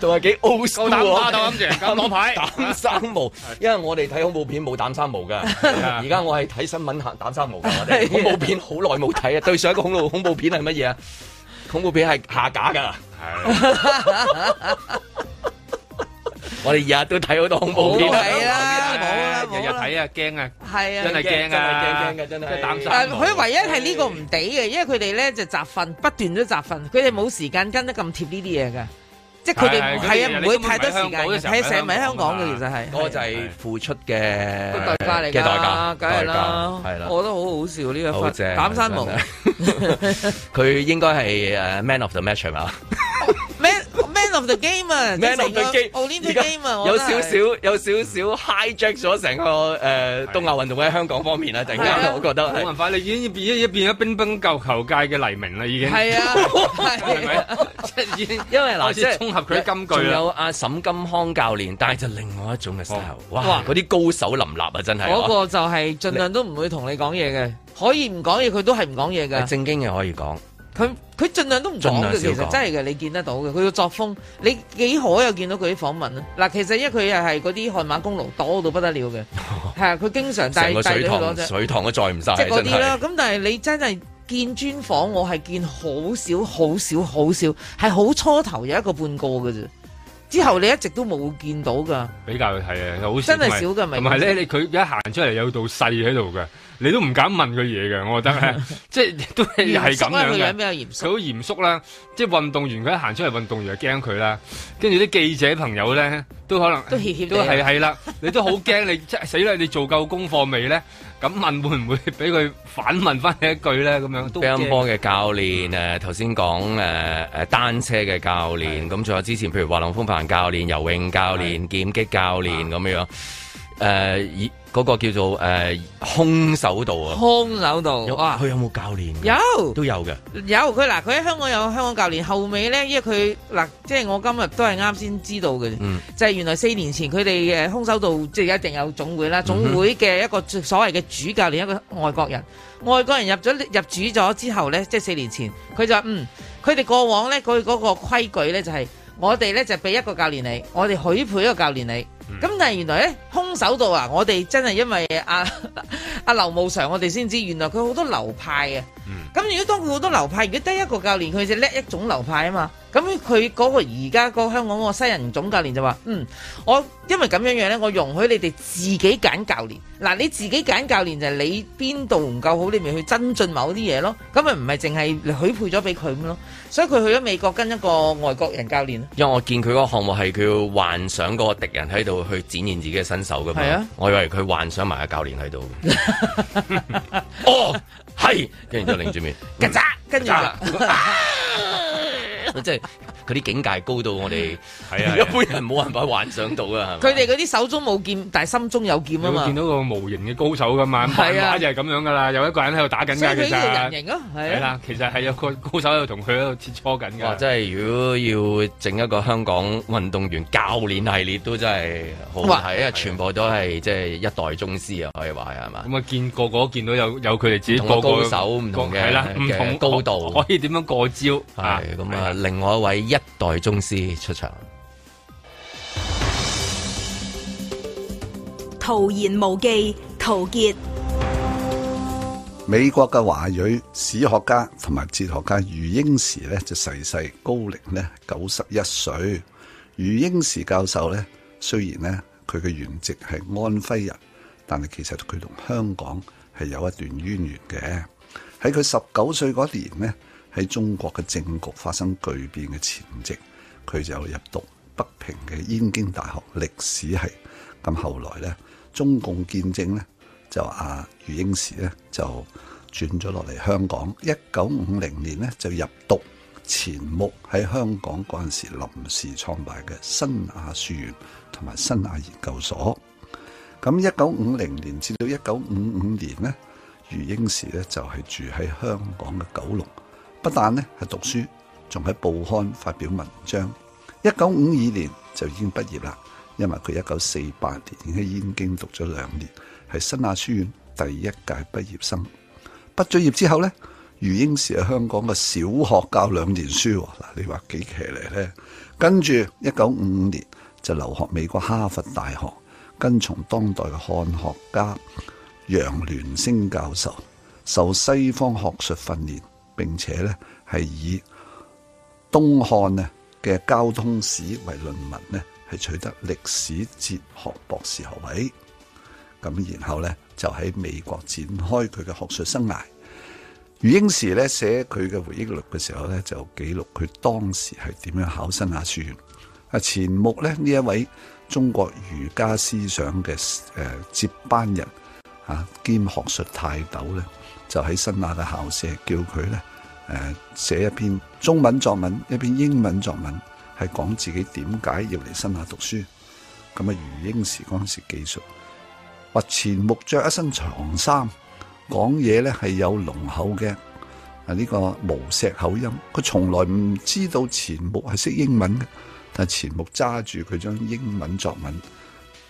仲係幾 old school 喎。打花住，打牌，膽生毛，因為我哋睇恐怖片冇膽生毛嘅，而家我係睇新聞嚇膽生毛恐怖片，好耐冇睇啊！對上一個恐怖恐怖片係乜嘢啊？恐怖片係下架㗎。我哋日日都睇好多恐怖片啦，冇啦，日日睇啊，驚啊，係啊，真係驚啊，驚驚嘅真係，即係佢唯一係呢個唔抵嘅，因為佢哋咧就集訓，不斷都集訓，佢哋冇時間跟得咁貼呢啲嘢噶，即係佢哋係啊，唔會太多時間嘅，係成日喺香港嘅，其實係。我就係付出嘅代價嚟嘅代價，梗係啦，係啦，我覺得好好笑呢個膽生毛，佢應該係 Man of the Match 嘛。game 啊，有少少有少少 highjack 咗成個誒東亞運動喺香港方面啦，突然間，我覺得冇辦法，你已經變一變咗乒乓球界嘅黎明啦，已經係啊，係咪？因為嗱，即係綜合佢啲金句有阿沈金康教練，但係就另外一種嘅 style 哇！嗰啲高手林立啊，真係嗰個就係盡量都唔會同你講嘢嘅，可以唔講嘢，佢都係唔講嘢嘅，正經嘅可以講。佢佢盡量都唔講嘅。其實真係嘅，你見得到嘅。佢個作風，你幾可又見到佢啲訪問啦。嗱，其實因為佢又係嗰啲汗馬功勞多到不得了嘅，係啊， 佢經常帶帶咗講啫，水塘，水塘都載唔晒。即嗰啲啦，咁但係你真係見專訪，我係見好少、好少、好少，係好初頭有一個半個嘅啫。之後你一直都冇見到噶，比較係啊，好真係少㗎，唔係咧，你佢且一行出嚟有道細喺度嘅。你都唔敢問佢嘢嘅，我覺得咧，即係都係係咁樣嘅。佢好嚴肅啦，即係運動員佢一行出嚟，運動員就驚佢啦。跟住啲記者朋友咧，都可能都怯怯，都係係啦。你都好驚，你即係死啦！你做夠功課未咧？咁問會唔會俾佢反問翻你一句咧？咁樣都乒乓波嘅教練誒，頭先講誒誒單車嘅教練，咁仲有之前譬如華浪風帆教練、游泳教練、劍擊教練咁樣誒以。嗰個叫做誒、呃、空手道啊！空手道，哇！佢有冇教練？有，都有嘅。有佢嗱，佢喺香港有香港教練。後尾咧，因為佢嗱，即係我今日都係啱先知道嘅，嗯、就係原來四年前佢哋嘅空手道即係一定有總會啦。總會嘅一個所謂嘅主教練，嗯、一個外國人。外國人入咗入主咗之後咧，即係四年前，佢就嗯，佢哋過往咧，佢嗰個規矩咧就係、是、我哋咧就俾一個教練你，我哋許配一個教練你。咁、嗯、但係原來咧，空手道啊，我哋真係因為阿阿劉慕常，我哋先知原來佢好多流派嘅、啊。咁、嗯、如果當佢好多流派，如果得一個教練，佢就叻一種流派啊嘛。咁佢嗰個而家個香港個西人總教練就話：嗯，我因為咁樣樣咧，我容許你哋自己揀教練。嗱，你自己揀教練就係你邊度唔夠好，你咪去增進某啲嘢咯。咁咪唔係淨係許配咗俾佢咁咯。所以佢去咗美國跟一個外國人教練。因為我見佢個項目係佢幻想個敵人喺度去展現自己嘅身手噶嘛，係啊、我以為佢幻想埋個教練喺度。 oh! 係，跟住就擰住面，格仔，跟住，即係佢啲境界高到我哋係啊，一般人冇辦法幻想到啊，佢哋嗰啲手中冇劍，但係心中有劍啊嘛！會見到個模型嘅高手噶嘛？係啊，就係咁樣噶啦，有一個人喺度打緊架噶咋。所以佢呢個人形啊，係啊，其實係有個高手喺度同佢喺度切磋緊噶。即係如果要整一個香港運動員教練系列，都真係好係，因為全部都係即係一代宗師啊，可以話係嘛？咁啊，見個個見到有有佢哋自己高手唔同嘅，唔同高度可以點樣過招？係咁啊！另外一位一代宗師出場，徒言無忌，陶傑。美國嘅華裔史學家同埋哲學家余英時咧，就逝世高齡呢九十一歲。余英時教授咧，雖然呢，佢嘅原籍係安徽人，但係其實佢同香港。係有一段淵源嘅，喺佢十九歲嗰年呢，喺中國嘅政局發生巨變嘅前夕，佢就入讀北平嘅燕京大學歷史系。咁後來呢，中共見證中共建政呢，就阿、啊、余英時呢，就轉咗落嚟香港。一九五零年呢，就入讀錢穆喺香港嗰陣時臨時創辦嘅新亞書院同埋新亞研究所。咁一九五零年至到一九五五年呢，余英時咧就係住喺香港嘅九龍，不但呢係讀書，仲喺報刊發表文章。一九五二年就已經畢業啦，因為佢一九四八年喺燕京讀咗兩年，係新亞書院第一屆畢業生。畢咗業之後呢，余英時喺香港嘅小學教兩年書。嗱，你話幾奇嚟咧？跟住一九五五年就留學美國哈佛大學。跟從當代嘅漢學家楊聯陞教授，受西方學術訓練，並且咧係以東漢呢嘅交通史為論文呢，係取得歷史哲學博士學位。咁然後呢，就喺美國展開佢嘅學術生涯。余英時咧寫佢嘅回憶錄嘅時候呢，就記錄佢當時係點樣考新亞書院錢穆呢一位中國儒家思想嘅誒、呃、接班人啊，兼學術泰斗咧，就喺新亞嘅校舍叫佢咧誒寫一篇中文作文，一篇英文作文，係講自己點解要嚟新亞讀書。咁啊，余英時嗰陣時記述，話錢穆著一身長衫，講嘢咧係有濃厚嘅啊呢個無錫口音，佢從來唔知道錢穆係識英文嘅。阿錢穆揸住佢張英文作文，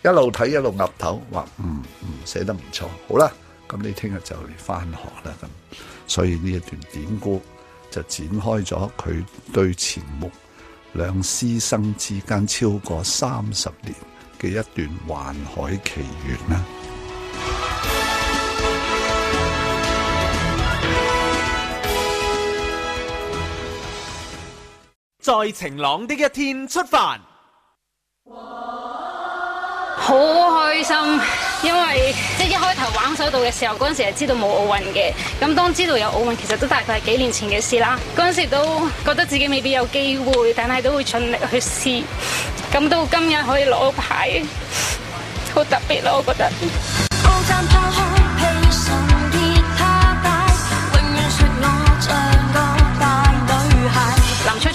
一路睇一路岌頭，話唔唔寫得唔錯，好啦，咁你聽日就嚟翻學啦咁。所以呢一段典故就展開咗佢對錢穆兩師生之間超過三十年嘅一段環海奇緣啦。在晴朗的一天出發，好開心，因為即係一開頭玩手道嘅時候，嗰陣時係知道冇奧運嘅，咁當知道有奧運，其實都大概係幾年前嘅事啦。嗰陣時都覺得自己未必有機會，但係都會盡力去試，咁到今日可以攞牌，好特別咯，我覺得。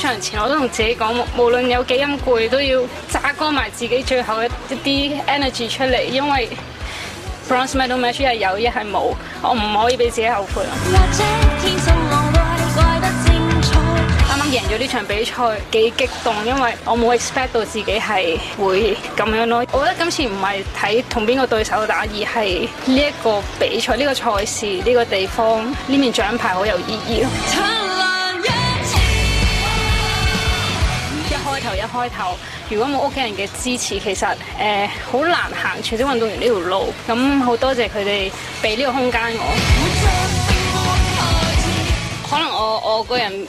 場前我都同自己講，無論有幾咁攰，都要揸乾埋自己最後一一啲 energy 出嚟，因為 bronze medal match 係有一係冇，我唔可以俾自己後悔或者天生我怪得精彩！啱啱贏咗呢場比賽，幾激動，因為我冇 expect 到自己係會咁樣咯。我覺得今次唔係睇同邊個對手打，而係呢一個比賽、呢個賽事、呢個地方呢面獎牌好有意義咯。一開頭如果冇屋企人嘅支持，其實，誒好難行全職運動員呢條路。咁好多謝佢哋俾呢個空間我。可能我我個人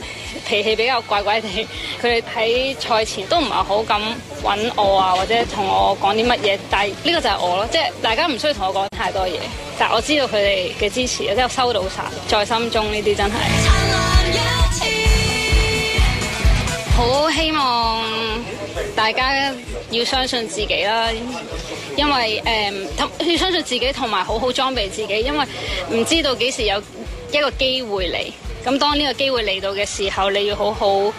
脾氣比較怪怪哋，佢哋喺賽前都唔係好咁揾我啊，或者同我講啲乜嘢。但係呢個就係我咯，即係大家唔需要同我講太多嘢。但係我知道佢哋嘅支持，即係收到晒在心中呢啲真係。好希望。大家要相信自己啦，因為，誒，要相信自己同埋好好裝備自己，因為唔知道幾時有一個機會嚟。咁當呢個機會嚟到嘅時候，你要好好，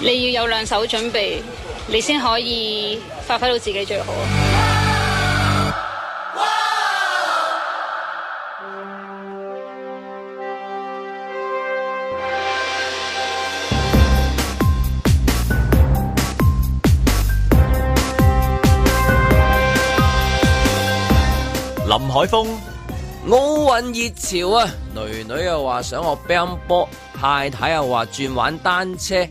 你要有兩手準備，你先可以發揮到自己最好。海峰，奧運熱潮啊！女女又話想學乒乓波，太太又話轉玩單車，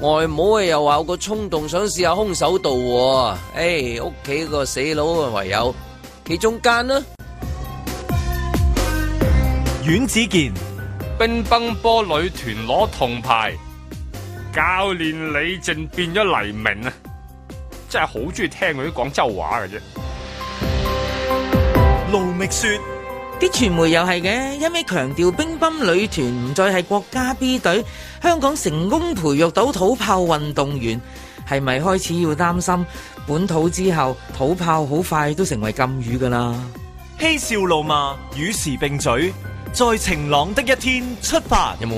外母又話有個衝動想試下空手道。誒、哎，屋企個死佬唯有企中間啦。阮子健，乒乓波女團攞銅牌，教練李靜變咗黎明啊！真係好中意聽佢啲廣州話嘅啫。盧覓雪：啲傳媒又係嘅，一味強調乒乓女團唔再係國家 B 隊，香港成功培育到土炮運動員，係咪開始要擔心本土之後土炮好快都成為禁語㗎喇？嬉笑怒罵，與時並舉。在晴朗的一天出發，有冇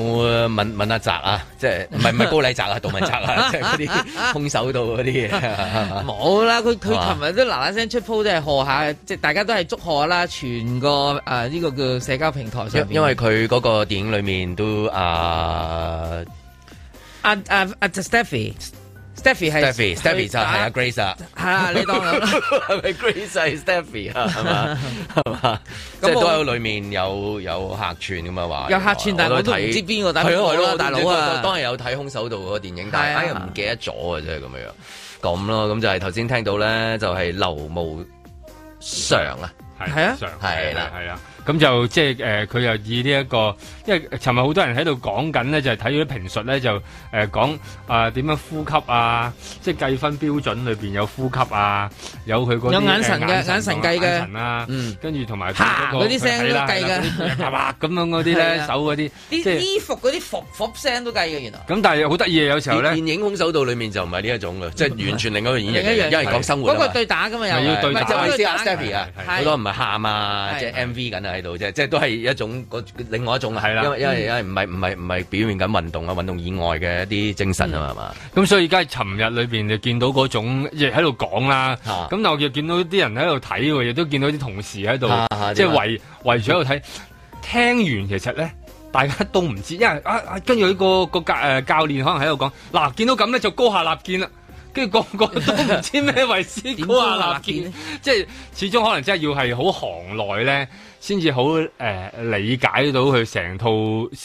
問問，問阿澤啊？即係唔係唔係高禮澤啊？杜汶 澤啊？即係嗰啲空手道嗰啲嘢？冇 啦，佢佢琴日都嗱嗱聲出 post，即係賀下，即係大家都係祝賀啦，全個誒呢、啊這個叫社交平台上邊，因為佢嗰個電影裏面都啊阿阿阿 Stephy。啊啊啊啊啊 Stephy 係，Stephy，Stephy 咋，係啊，Grace 啊，係啊，你當係咪 Grace 係 Stephy 啊？係嘛，係嘛，即係都有裏面有有客串咁啊話。有客串，但係佢都唔知邊個。係咯，大佬啊，當然有睇空手道嗰個電影，但係又唔記得咗啊！真係咁樣。咁咯，咁就係頭先聽到咧，就係劉無常啊，係啊，係啦，係啊。咁就即係誒，佢又以呢一個，因為尋日好多人喺度講緊咧，就係睇咗啲評述咧，就誒講啊點樣呼吸啊，即係計分標準裏邊有呼吸啊，有佢嗰啲有眼神嘅眼神計嘅，跟住同埋嚇嗰啲聲都計嘅，係嘛，咁樣嗰啲咧，手嗰啲，啲衣服嗰啲服服聲都計嘅，原來。咁但係好得意啊！有時候咧，電影《空手道》裏面就唔係呢一種嘅，即係完全另一個演繹，因為講生活。嗰個對打㗎嘛，又唔係對打。唔係就係試下 Stephy 啊，好多唔係喊啊，即係 MV 緊啊。度啫，即係都係一種另外一種啦，係啦，因為因為因為唔係唔係唔係表面咁運動啊，運動以外嘅一啲精神啊嘛，咁、嗯、吧所以而家尋日裏邊就見到嗰種亦喺度講啦，咁但、啊、我又見到啲人喺度睇，亦都見到啲同事喺度，即係圍圍住喺度睇。聽完其實咧，大家都唔知，因為啊跟住、啊那個、那個教誒教練可能喺度講，嗱、啊，見到咁咧就高下立見啦。跟住個個都唔知咩為師古啊立建，即係 始終可能真係要係好行內咧，先至好誒理解到佢成套，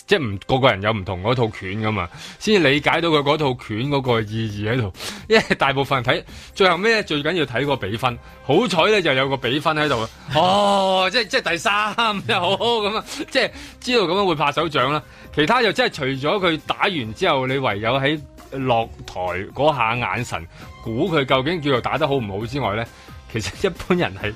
即唔個個人有唔同嗰套拳噶嘛，先至理解到佢嗰套拳嗰個意義喺度。因為大部分人睇最後咩，最緊要睇個比分，好彩咧就有個比分喺度啊！ 哦，即係即第三，呵呵 即好咁啊！即係知道咁樣會拍手掌啦。其他就真係除咗佢打完之後，你唯有喺落台嗰下眼神，估佢究竟叫做打得好唔好之外咧，其實一般人係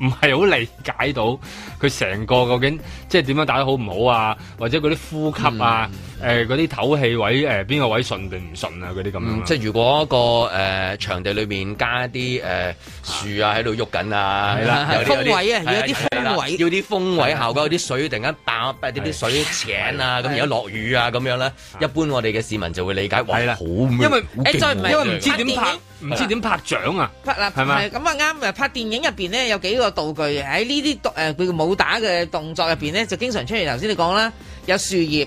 唔係好理解到佢成個究竟即係點樣打得好唔好啊，或者嗰啲呼吸啊。嗯誒，嗰啲透氣位誒，邊個位順定唔順啊？嗰啲咁啊，即係如果個誒場地裏面加一啲誒樹啊喺度喐緊啊，係啦，有啲風位啊，有啲風位，要啲風位效果，啲水突然間打，啲啲水斜啊，咁而家落雨啊，咁樣咧，一般我哋嘅市民就會理解，啦好，因為誒，再唔係因為唔知點拍，唔知點拍掌啊，拍啦係咪？咁啊啱拍電影入邊咧有幾個道具喺呢啲誒，佢嘅武打嘅動作入邊咧就經常出現，頭先你講啦，有樹葉。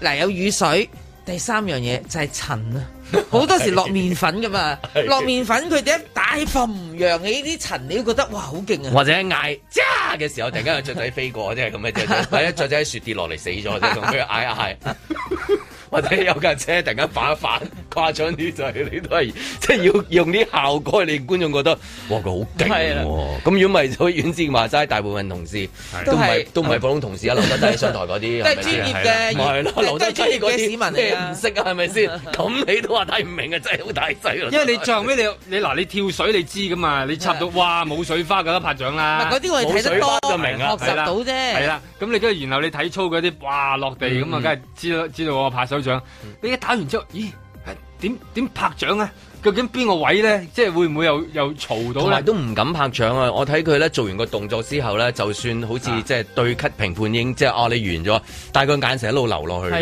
嗱，有雨水，第三樣嘢就係塵啊！好多時落麵粉噶嘛，落麵 的粉佢點解大份唔揚起啲塵，你都覺得哇好勁啊！或者嗌揸嘅時候，突然間有雀仔飛過，即係咁嘅啫。或者雀仔喺雪跌落嚟死咗啫，咁佢嗌嗌。 或者有架車突然間反一反，誇張啲就係你都係，即係要用啲效果，令觀眾覺得哇佢好勁喎。咁如果唔係，就遠之話齋，大部分同事都唔係都唔係普通同事啊，留低都上台嗰啲。都係專業嘅，唔係咯，留低專業啲市民嚟啊，唔識啊，係咪先？咁你都話睇唔明啊，真係好大細啊。因為你最後尾你你嗱你跳水你知㗎嘛？你插到哇冇水花㗎啦拍掌啦。嗰啲我哋睇得多，學習到啫。係啦，咁你跟住然後你體操嗰啲哇落地咁啊，梗係知道知道我拍手。掌，你一打完之後，咦？點點拍掌啊？究竟邊個位咧？即係會唔會又又嘈到同埋都唔敢拍掌啊！我睇佢咧做完個動作之後咧，就算好似、啊、即係對咳評判英，即係哦，你完咗，但係佢個眼神一路流落去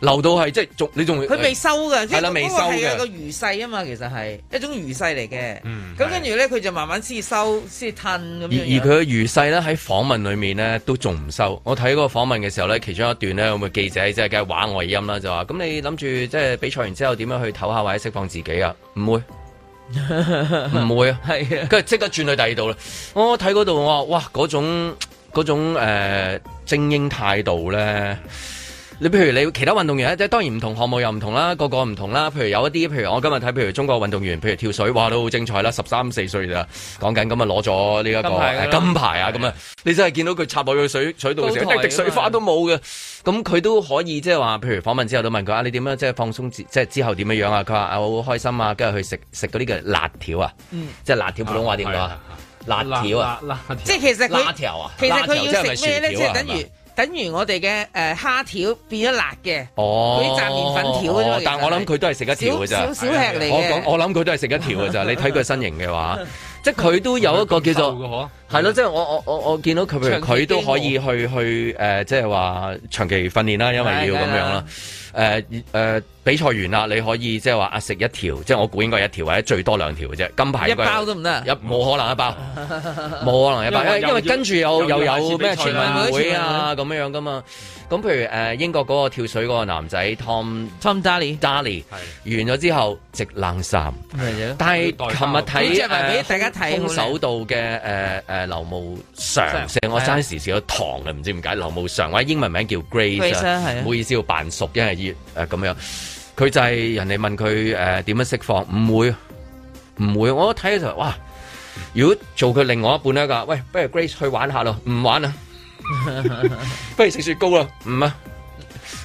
留到係即係，仲你仲佢未收噶，即係嗰的個係個餘勢啊嘛，的其實係一種餘勢嚟嘅。咁跟住咧，佢的就慢慢先收，先褪咁樣而。而佢佢餘勢咧喺訪問裏面咧都仲唔收。我睇個訪問嘅時候咧，其中一段咧，有冇記者即係梗係話外音啦，就話咁你諗住即係比賽完之後點樣去唞下或者釋放自己啊？唔會唔 會啊？係啊，跟住即刻轉去第二度啦。我睇嗰度我話哇，嗰種嗰種誒、呃、精英態度咧。你譬如你其他運動員即係當然唔同項目又唔同啦，個個唔同啦。譬如有一啲，譬如我今日睇，譬如中國運動員，譬如跳水，哇都好精彩啦，十三四歲就講緊咁啊攞咗呢一個金牌啊咁啊！對對 你真係見到佢插落去水水度，即滴水花都冇嘅。咁佢都可以即係話，譬如訪問之後都問佢啊，你點樣即係放鬆？即係之後點樣樣啊？佢話我好開心啊，跟住去食食嗰啲嘅辣條啊，嗯、即係辣條普通話點講啊？辣條啊！即係其實佢要食咩、啊、即係等於.等於我哋嘅、呃、蝦條變咗辣嘅，嗰啲、哦、炸麵粉條、哦哦、但我諗佢都係食一條嘅咋，少少吃嚟我我諗佢都係食一條嘅咋。 你睇佢身形嘅話， 即係佢都有一個叫做。係咯，即係我我我我見到佢，譬如佢都可以去去誒，即係話長期訓練啦，因為要咁樣啦。誒誒，比賽完啦，你可以即係話食一條，即我估應該一條或者最多兩條嘅啫。金牌一包都唔得，冇可能一包，冇可能一包，因為跟住有又有咩全運會啊咁樣樣噶嘛。咁譬如誒英國嗰個跳水嗰個男仔 Tom Tom Daley Daley，完咗之後直冷衫，但係琴日睇俾大家睇空手道嘅係劉慕常，我嗰陣時試咗唐啊，唔知點解劉慕常，位英文名叫 Grace，唔好意思要扮熟，因為依誒咁樣，佢就係人哋問佢誒點樣釋放，唔會唔會，我睇咧就哇，如果做佢另外一半咧噶，喂，不如 Grace 去玩下咯，唔玩啊，不如食雪糕咯，唔啊，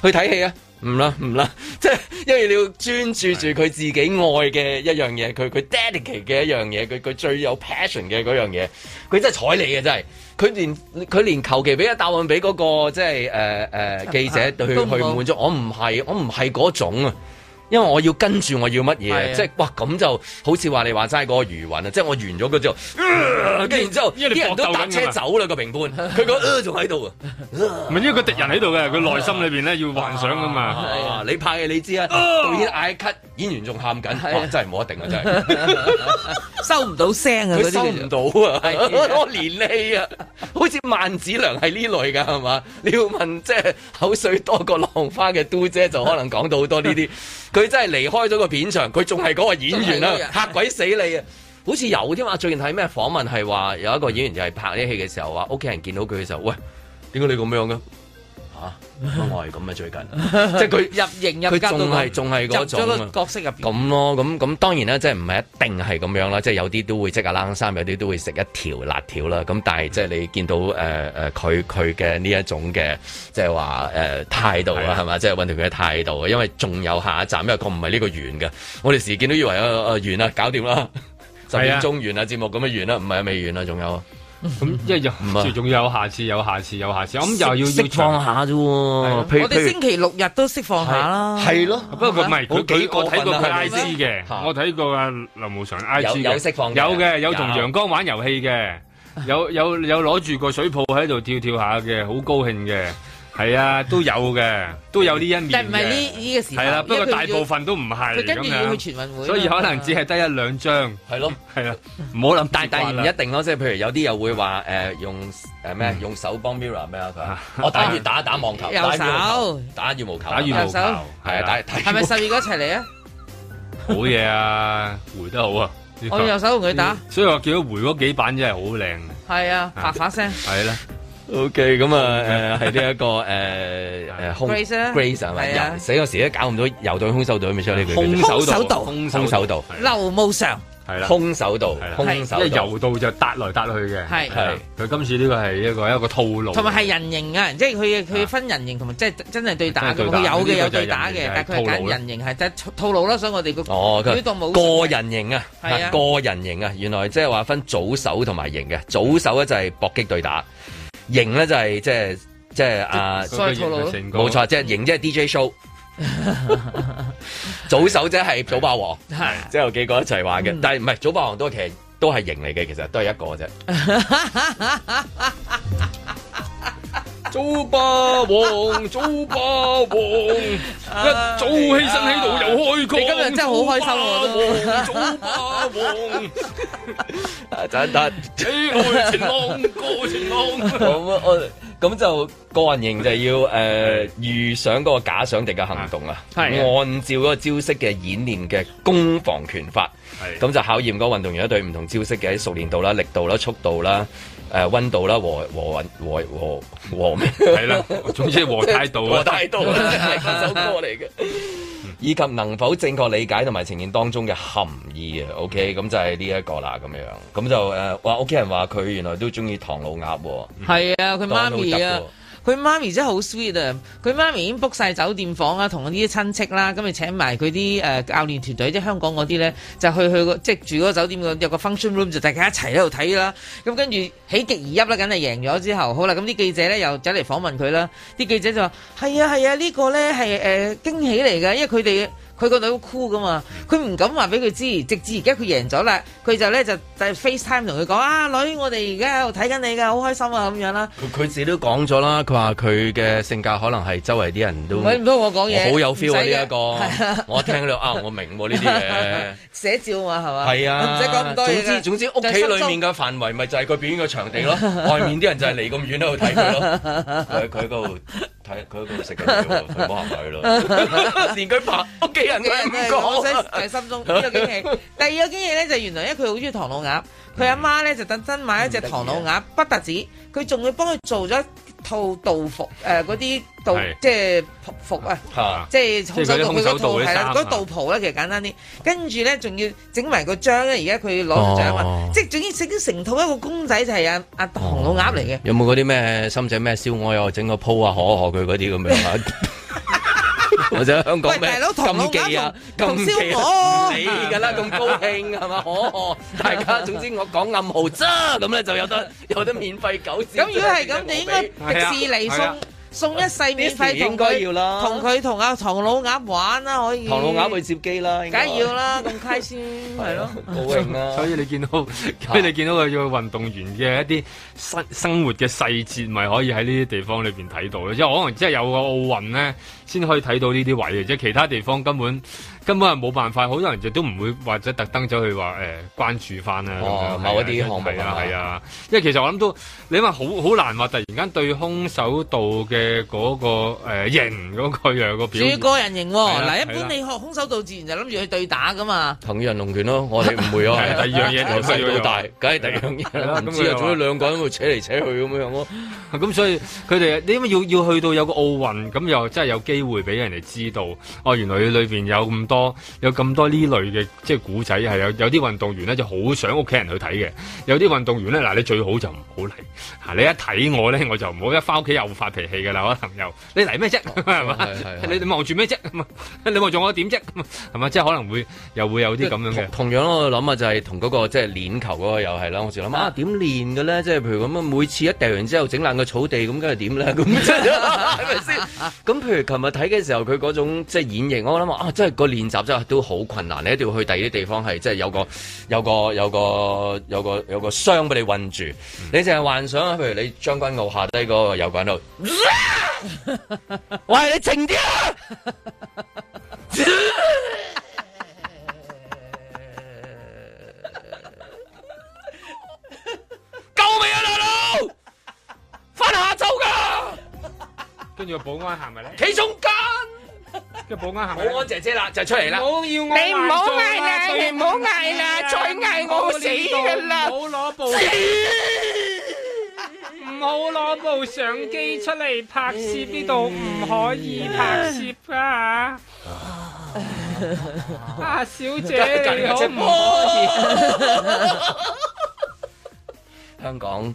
去睇戲啊。唔啦唔啦，即係因為你要專注住佢自己愛嘅一樣嘢，佢佢 dedicate 嘅一樣嘢，佢佢最有 passion 嘅嗰樣嘢，佢真係睬你嘅，真係，佢連佢連求其俾個答案俾嗰個即係誒誒記者去去滿足，我唔係我唔係嗰種啊。因為我要跟住我要乜嘢，即係哇，咁就好似話你話齋嗰個餘韻啊，即係我完咗佢之後，跟住然之後啲人都搭車走啦，個評判，佢個仲喺度，唔係因為個敵人喺度嘅，佢內心裏邊咧要幻想噶嘛，你拍嘅你知啊，導演嗌咳，演員仲喊緊，哇真係冇一定啊，真係收唔到聲啊，佢收唔到啊，多年氣啊，好似萬梓良係呢類噶，係嘛？你要問即係口水多過浪花嘅都姐就可能講到好多呢啲。佢真係離開咗個片場，佢仲係嗰個演員啦，啊，嚇鬼死你啊！ 好似有添嘛？最近睇咩訪問係話，有一個演員就係拍呢啲戲嘅時候，話屋企人見到佢嘅時候，喂，點解你咁樣嘅？吓，我咁啊最近，即係佢 入型入格仲都入咗個角色入邊。咁咯，咁咁當然咧，即係唔係一定係咁樣啦，即係有啲都會即刻冷衫，有啲都會食一條辣條啦。咁但係即係你見到誒誒，佢佢嘅呢一種嘅即係話誒態度啊，係咪即係搵到佢嘅態度。因為仲有下一站，因為佢唔係呢個完嘅。我哋時見都以為啊，啊完啦，搞掂啦，啊、十分鐘完啊節目咁啊完啦，唔係啊未完啊，仲有。咁一日仲要有下次，有下次，有下次，咁又要釋放下啫。我哋星期六日都釋放下啦。係咯，不過佢唔係幾個睇過佢 I G 嘅，我睇過阿林浩祥 I G 嘅，有釋放，有嘅，有同陽光玩遊戲嘅，有有有攞住個水泡喺度跳跳下嘅，好高興嘅。係啊，都有嘅，都有呢一面嘅。但係唔係呢呢個時係啦，不過大部分都唔係咁樣。佢跟住要去全運會，所以可能只係得一兩張。係咯，係啦，唔好諗但，但唔一定咯。即係譬如有啲又會話誒用誒咩用手幫 MIRROR 咩啊佢。我打完打一打網球，右手打羽毛球，打羽毛球，係啊，打打。係咪十二個一齊嚟啊？好嘢啊，回得好啊！我用右手同佢打，所以我叫咗回嗰幾板真係好靚。係啊，啪啪聲。係啦。O K，咁啊，誒，係呢一個誒誒兇，Grace 啦，Grace 係咪？係啊，死嗰時搞唔到柔道、空手道咪出空手道，空手道，劉慕祥係啦，空手道係啦，即係柔道就搭來搭去嘅，係係。佢今次呢個係一個一個套路，同埋係人形啊，即係佢佢分人形同埋即係真係對打嘅，有嘅有對打嘅，但係佢人形係得套路囉。所以我哋個舉動冇個人形啊，係個人形啊，原來即係話分組手同埋型嘅組手咧就係搏擊對打。贏咧就係即係即係啊，冇錯，即係贏即係 D J show， 早手即係早霸王，係即係有幾個一齊玩嘅。 但係唔係早霸王都其實都係贏嚟嘅，其實都係一個啫。 早霸王，早霸王，一早起身喺度又開腔、啊。你今日真係好開心喎！早霸王，早霸王。等等，此情浪，過情浪。咁我咁就個人形就要誒預、呃、想嗰個假想敵嘅行動啊，的按照嗰個招式嘅演練嘅攻防拳法，咁的就考驗嗰個運動員一對唔同招式嘅喺熟練度啦、力度啦、速度啦。誒，溫、呃、度啦，和和溫和和和咩？係 啦，總之和態度 和態度啦，係 首歌嚟嘅。以及能否正確理解同埋呈現當中嘅含意。啊？OK，咁就係呢一個啦，咁樣。咁就誒，話屋企人話佢原來都鍾意唐老鴨喎、喔，係啊、 嗯，佢媽咪啊。佢媽咪真係好 sweet 啊！佢媽咪已經 book 晒酒店房啊，同嗰啲親戚啦，咁你請埋佢啲誒教練團隊，即係香港嗰啲咧，就去去個即係住嗰個酒店有個 function room，就大家一齊喺度睇啦。咁跟住喜極而泣啦，梗係贏咗之後，好啦，咁啲記者咧又走嚟訪問佢啦。啲記者就話：係啊係啊，啊這個、呢個咧係誒驚喜嚟㗎，因為佢哋。佢個女好 cool 噶嘛，佢唔敢話俾佢知，直至而家佢贏咗啦，佢就咧就 face time 同佢講啊，女，我哋而家喺度睇緊你嘅，好開心啊咁樣啦。佢自己都講咗啦，佢話佢嘅性格可能係周圍啲人都，唔我講嘢，好有 feel 喎呢一個，我聽到啊，我明喎呢啲嘢。寫照嘛係嘛？係啊，總之總之屋企裡面嘅範圍咪就係佢表演嘅場地咯，外面啲人就係離咁遠喺度睇佢咯。佢佢喺度睇，佢喺度食緊佢冇行埋去咯，連佢拍驚？我心中呢個驚。第二個驚嘢咧，就係原來，因為佢好中意唐老鴨，佢阿媽咧就特登買一隻唐老鴨，不得止，佢仲會幫佢做咗一套道服，誒，嗰啲道即係服啊，即係紅袖同佢嗰套係啦，嗰道袍咧其實簡單啲。跟住咧，仲要整埋個章咧，而家佢攞咗獎，即係總之整成套一個公仔，就係阿阿唐老鴨嚟嘅。有冇嗰啲咩心仔咩燒鵝又整個鋪啊，可學佢嗰啲咁樣或者香港咩？金記 啊，金、啊、燒鵪鶉、啊，你噶啦咁高興係嘛？哦， 大家總之我講暗號啫，咁咧就有得有得免費狗屎。咁 如果係咁，你樣應該迪士尼送。送一世啲細同佢同佢同阿唐老鴨玩啦，啊，可以。唐老鴨會接機啦，梗係要，要啦，咁 開先，係咯啦，冇勁啦，好啦所。所以你見到，所以你見到佢做運動員嘅一啲生生活嘅細節，咪可以喺呢啲地方裏面睇到咯。即係可能即係有個奧運咧，先可以睇到呢啲位嘅，即係其他地方根本。根本係冇辦法，好多人就都唔會或者特登走去話誒關注翻啊某一啲項目啊，係啊，因為其實我諗都你話好好難話突然間對空手道嘅嗰個誒型嗰個樣個表，主要個人型嗱，一般你學空手道自然就諗住去對打噶嘛，同越人龍拳咯，我哋唔會啊。第二樣嘢由細到大，梗係第二樣嘢啦。唔知啊，做兩個人會扯嚟扯去咁樣咯。咁所以佢哋你因為要要去到有個奧運，咁又真係有機會俾人哋知道，哦，原來佢裏邊有咁多。有咁多呢類嘅即係古仔，係有有啲運動員咧就好想屋企人去睇嘅。有啲運動員咧，嗱你最好就唔好嚟，吓，你一睇我咧，我就唔好一返屋企又發脾氣噶啦，可能又你嚟咩啫，係嘛？你望住咩啫？你望住我點啫？係咪？即係可能會又會有啲咁樣嘅，嗯。同樣我諗，就是那個，啊，就係同嗰個即係鏈球嗰個又係啦。我就諗啊，點練嘅咧？即係譬如咁每次一掉完之後整爛個草地，咁梗係點咧？咁係咪先 是？咁 譬如琴日睇嘅時候，佢嗰種即係演繹，我諗啊，真係個鏈。集真係都好困難，你一定要去第二啲地方，係即係有個、有個、有個、有個、有個箱俾你韞住。你淨係幻想啊，譬如你將軍澳下低嗰個油管度，喂，你靜啲啊，救命啊大佬，返下晝㗎，跟住個保安行埋嚟，企中間。即係保安，保安姐姐啦，就出嚟啦！唔好要我，你唔好嗌啦，你唔好嗌啦，再嗌我死噶啦！唔好攞部，唔好攞部相機出嚟拍攝呢度，唔可以拍攝啊！阿小姐，可唔可以？香港。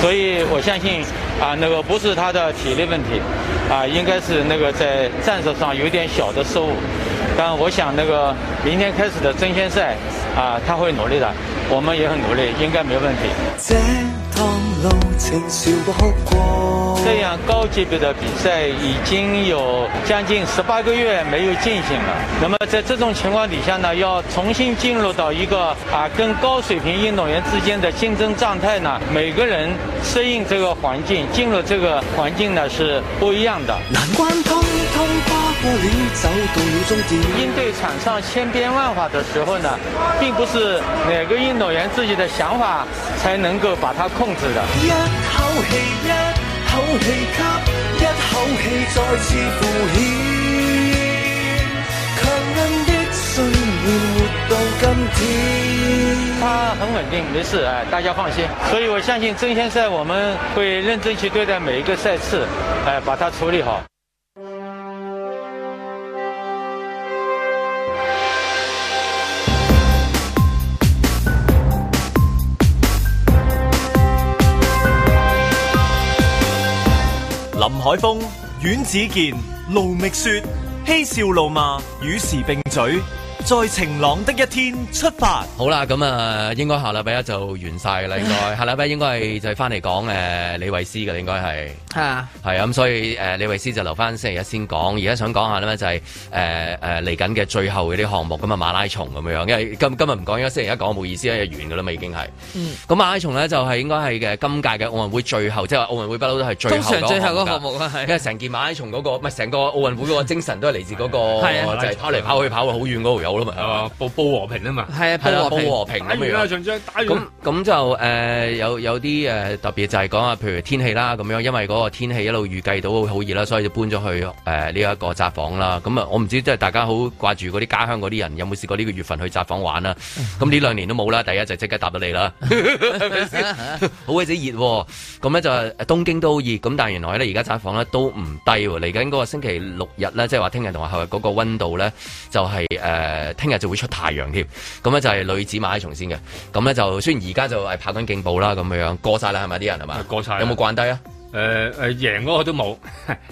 所以，我相信，啊、呃，那個不是他的體力問題，啊、呃，應該是那個在戰術上有點小的失誤。但我想，那個明天開始的爭先賽，啊、呃，他會努力的。我們也很努力，應該沒問題。這樣高級別的比賽已經有將近十八個月沒有進行了。那麼在這種情況底下呢，要重新進入到一個啊跟高水平運動員之間的競爭狀態呢，每個人適應這個環境、進入這個環境呢是不一樣的。難關通通。步履走到了終點，應對場上千變萬化的時候呢，並不是哪個運動員自己的想法才能夠把它控制的。一口氣，一口氣吸，一口氣再次呼吸。強硬的活到今天他很穩定，沒事哎，大家放心。所以，我相信爭先賽我們會認真去對待每一個賽次，哎，把它處理好。林海峰、阮子健、盧覓雪、嬉笑怒罵，與時並嘴，在晴朗的一天出發。好啦，咁啊，應該下禮拜一就完晒啦，應該 下禮拜應該係就係翻嚟講誒，李慧詩嘅應該係。係啊，係咁、啊，所以誒李慧詩就留翻星期一先講，而家想講下咧就係誒誒嚟緊嘅最後嗰啲項目咁啊馬拉松咁樣，因為今今日唔講，應該星期一講冇意思啦，完噶啦嘛已經係。咁、嗯、馬拉松咧就係、是、應該係嘅今屆嘅奧運會最後，即係奧運會不嬲都係最後嗰個項目，最後項目，因成件馬拉松嗰、那個唔係成個奧運會嗰個精神都係嚟自嗰、那個、啊啊、就係跑嚟跑去跑去好遠嗰條友嘛。啊，報和平啊嘛，係啊，報和平咁咁就、呃、有有啲特別就係講下，譬如天氣啦咁樣，因為嗰、那個。天氣一路預計到會好熱啦，所以就搬咗去誒呢一個札幌啦。咁啊，嗯、我唔知即係大家好掛住嗰啲家鄉嗰啲人有冇試過呢個月份去札幌玩啦。咁呢兩年都冇啦。第一就即刻答到你啦， 好鬼死熱、啊。咁咧就係東京都熱，咁但係原來咧而家札幌咧都唔低。嚟緊嗰個星期六日咧，即係話聽日同埋後日嗰個温度咧，就係誒聽日就會出太陽添。咁咧就係女子馬拉松先嘅。咁咧就雖然而家就係跑緊競步啦，咁樣樣過晒啦係咪啲人係嘛？過晒有冇慣低啊？誒誒，贏嗰個都冇，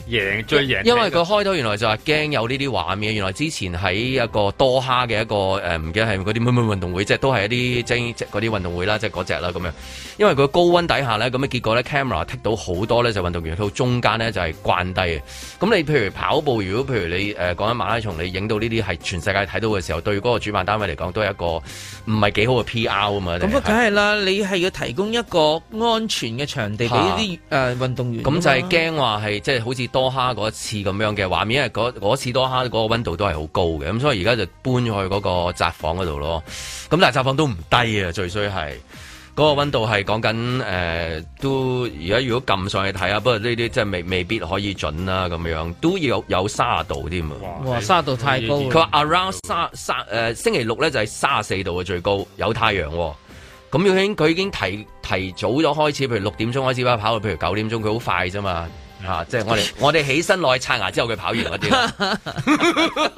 贏最贏，因為佢開到原來就話驚有呢啲畫面。原來之前喺一個多哈嘅一個誒，唔、呃、記得係嗰啲乜乜運動會，即係都係一啲精英嗰啲運動會啦，即係嗰隻啦咁樣。因為佢高温底下呢，咁樣結果咧 camera 剔到好多運到呢，就運動員到中間呢就係慣低嘅。咁你譬如跑步，如果譬如你誒講緊馬拉松，你影到呢啲係全世界睇到嘅時候，對嗰個主辦單位嚟講都係一個唔係幾好嘅 PR 啊嘛。咁啊，梗係啦，你係要提供一個安全嘅場地俾啲誒。咁就係驚話係即係好似多哈嗰一次咁樣嘅畫面，因為嗰次多哈嗰個温度都係好高嘅，咁所以而家就搬咗去嗰個窄房嗰度咯。咁但係窄房都唔低啊，最衰係嗰個温度係講緊誒，都而家如果撳上去睇啊，不過呢啲即係未未必可以準啦咁樣，都要有有卅度添啊！哇，卅是度太高啊！佢話 around 卅卅誒，星期六咧就係卅四度嘅最高，有太陽喎。咁要佢已經提提早咗開始，譬如六點鐘開始跑，跑到譬如九點鐘，佢好快啫嘛，即係我哋我哋起身落去刷牙之後，佢跑完嗰啲。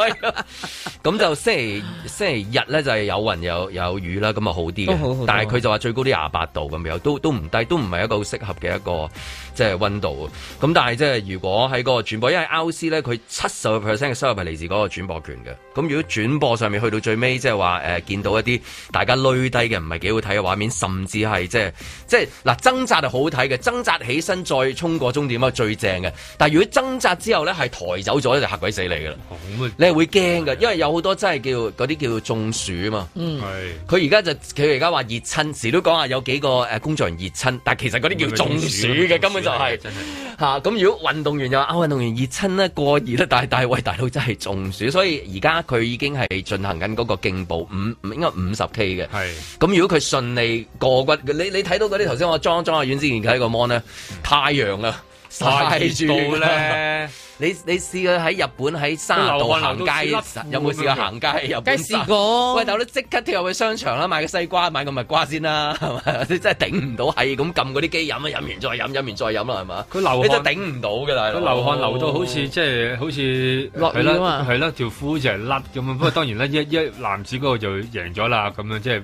咁 就星期星期日咧就係、是、有雲有有雨啦，咁啊好啲，但係佢就話最高啲廿八度咁樣，都都唔低，都唔係一個好適合嘅一個即係温度。咁但係即係如果喺個轉播，因為 RC 咧，佢七十個 percent 嘅收入係嚟自嗰個轉播權嘅。咁如果轉播上面去到最尾，即係話誒見到一啲大家累低嘅唔係幾好睇嘅畫面，甚至係即係即係嗱，掙扎係好睇嘅，掙扎起身再衝過終點啊，最正嘅。但係如果掙扎之後咧係抬走咗就嚇鬼死你㗎啦，嗯、你係會驚㗎，因為有好多真係叫嗰啲叫中暑啊嘛。佢而家就佢而家話熱親，時都講下有幾個誒工作人員熱親，但其實嗰啲叫中暑嘅，根本就係、是、嚇。咁如果運動員又啊運動員熱親呢、啊，過熱咧、啊， 但係大喂大佬真係中暑，所以而家。佢已經係進行緊嗰個競步五，應該五十 K 嘅。咁是如果佢順利過骨，你你睇到嗰啲，頭先我裝裝下遠視鏡睇個 mon 咧，太陽啊晒住咧。太 你你試過喺日本喺三十度行街，有冇試過行街日本？梗係試過。喂，但係即刻跳入去商場啦，買個西瓜，買個蜜瓜先啦，係嘛？你真係頂唔到，係咁撳嗰啲機飲啊！飲完再飲，飲完再飲啦，係嘛？佢流汗頂唔到嘅，大佬。佢流汗流到好似、哦、即係好似落係啦，係啦，條褲就係甩咁啊！不過當然啦，一一男子嗰個就贏咗啦，咁 樣即係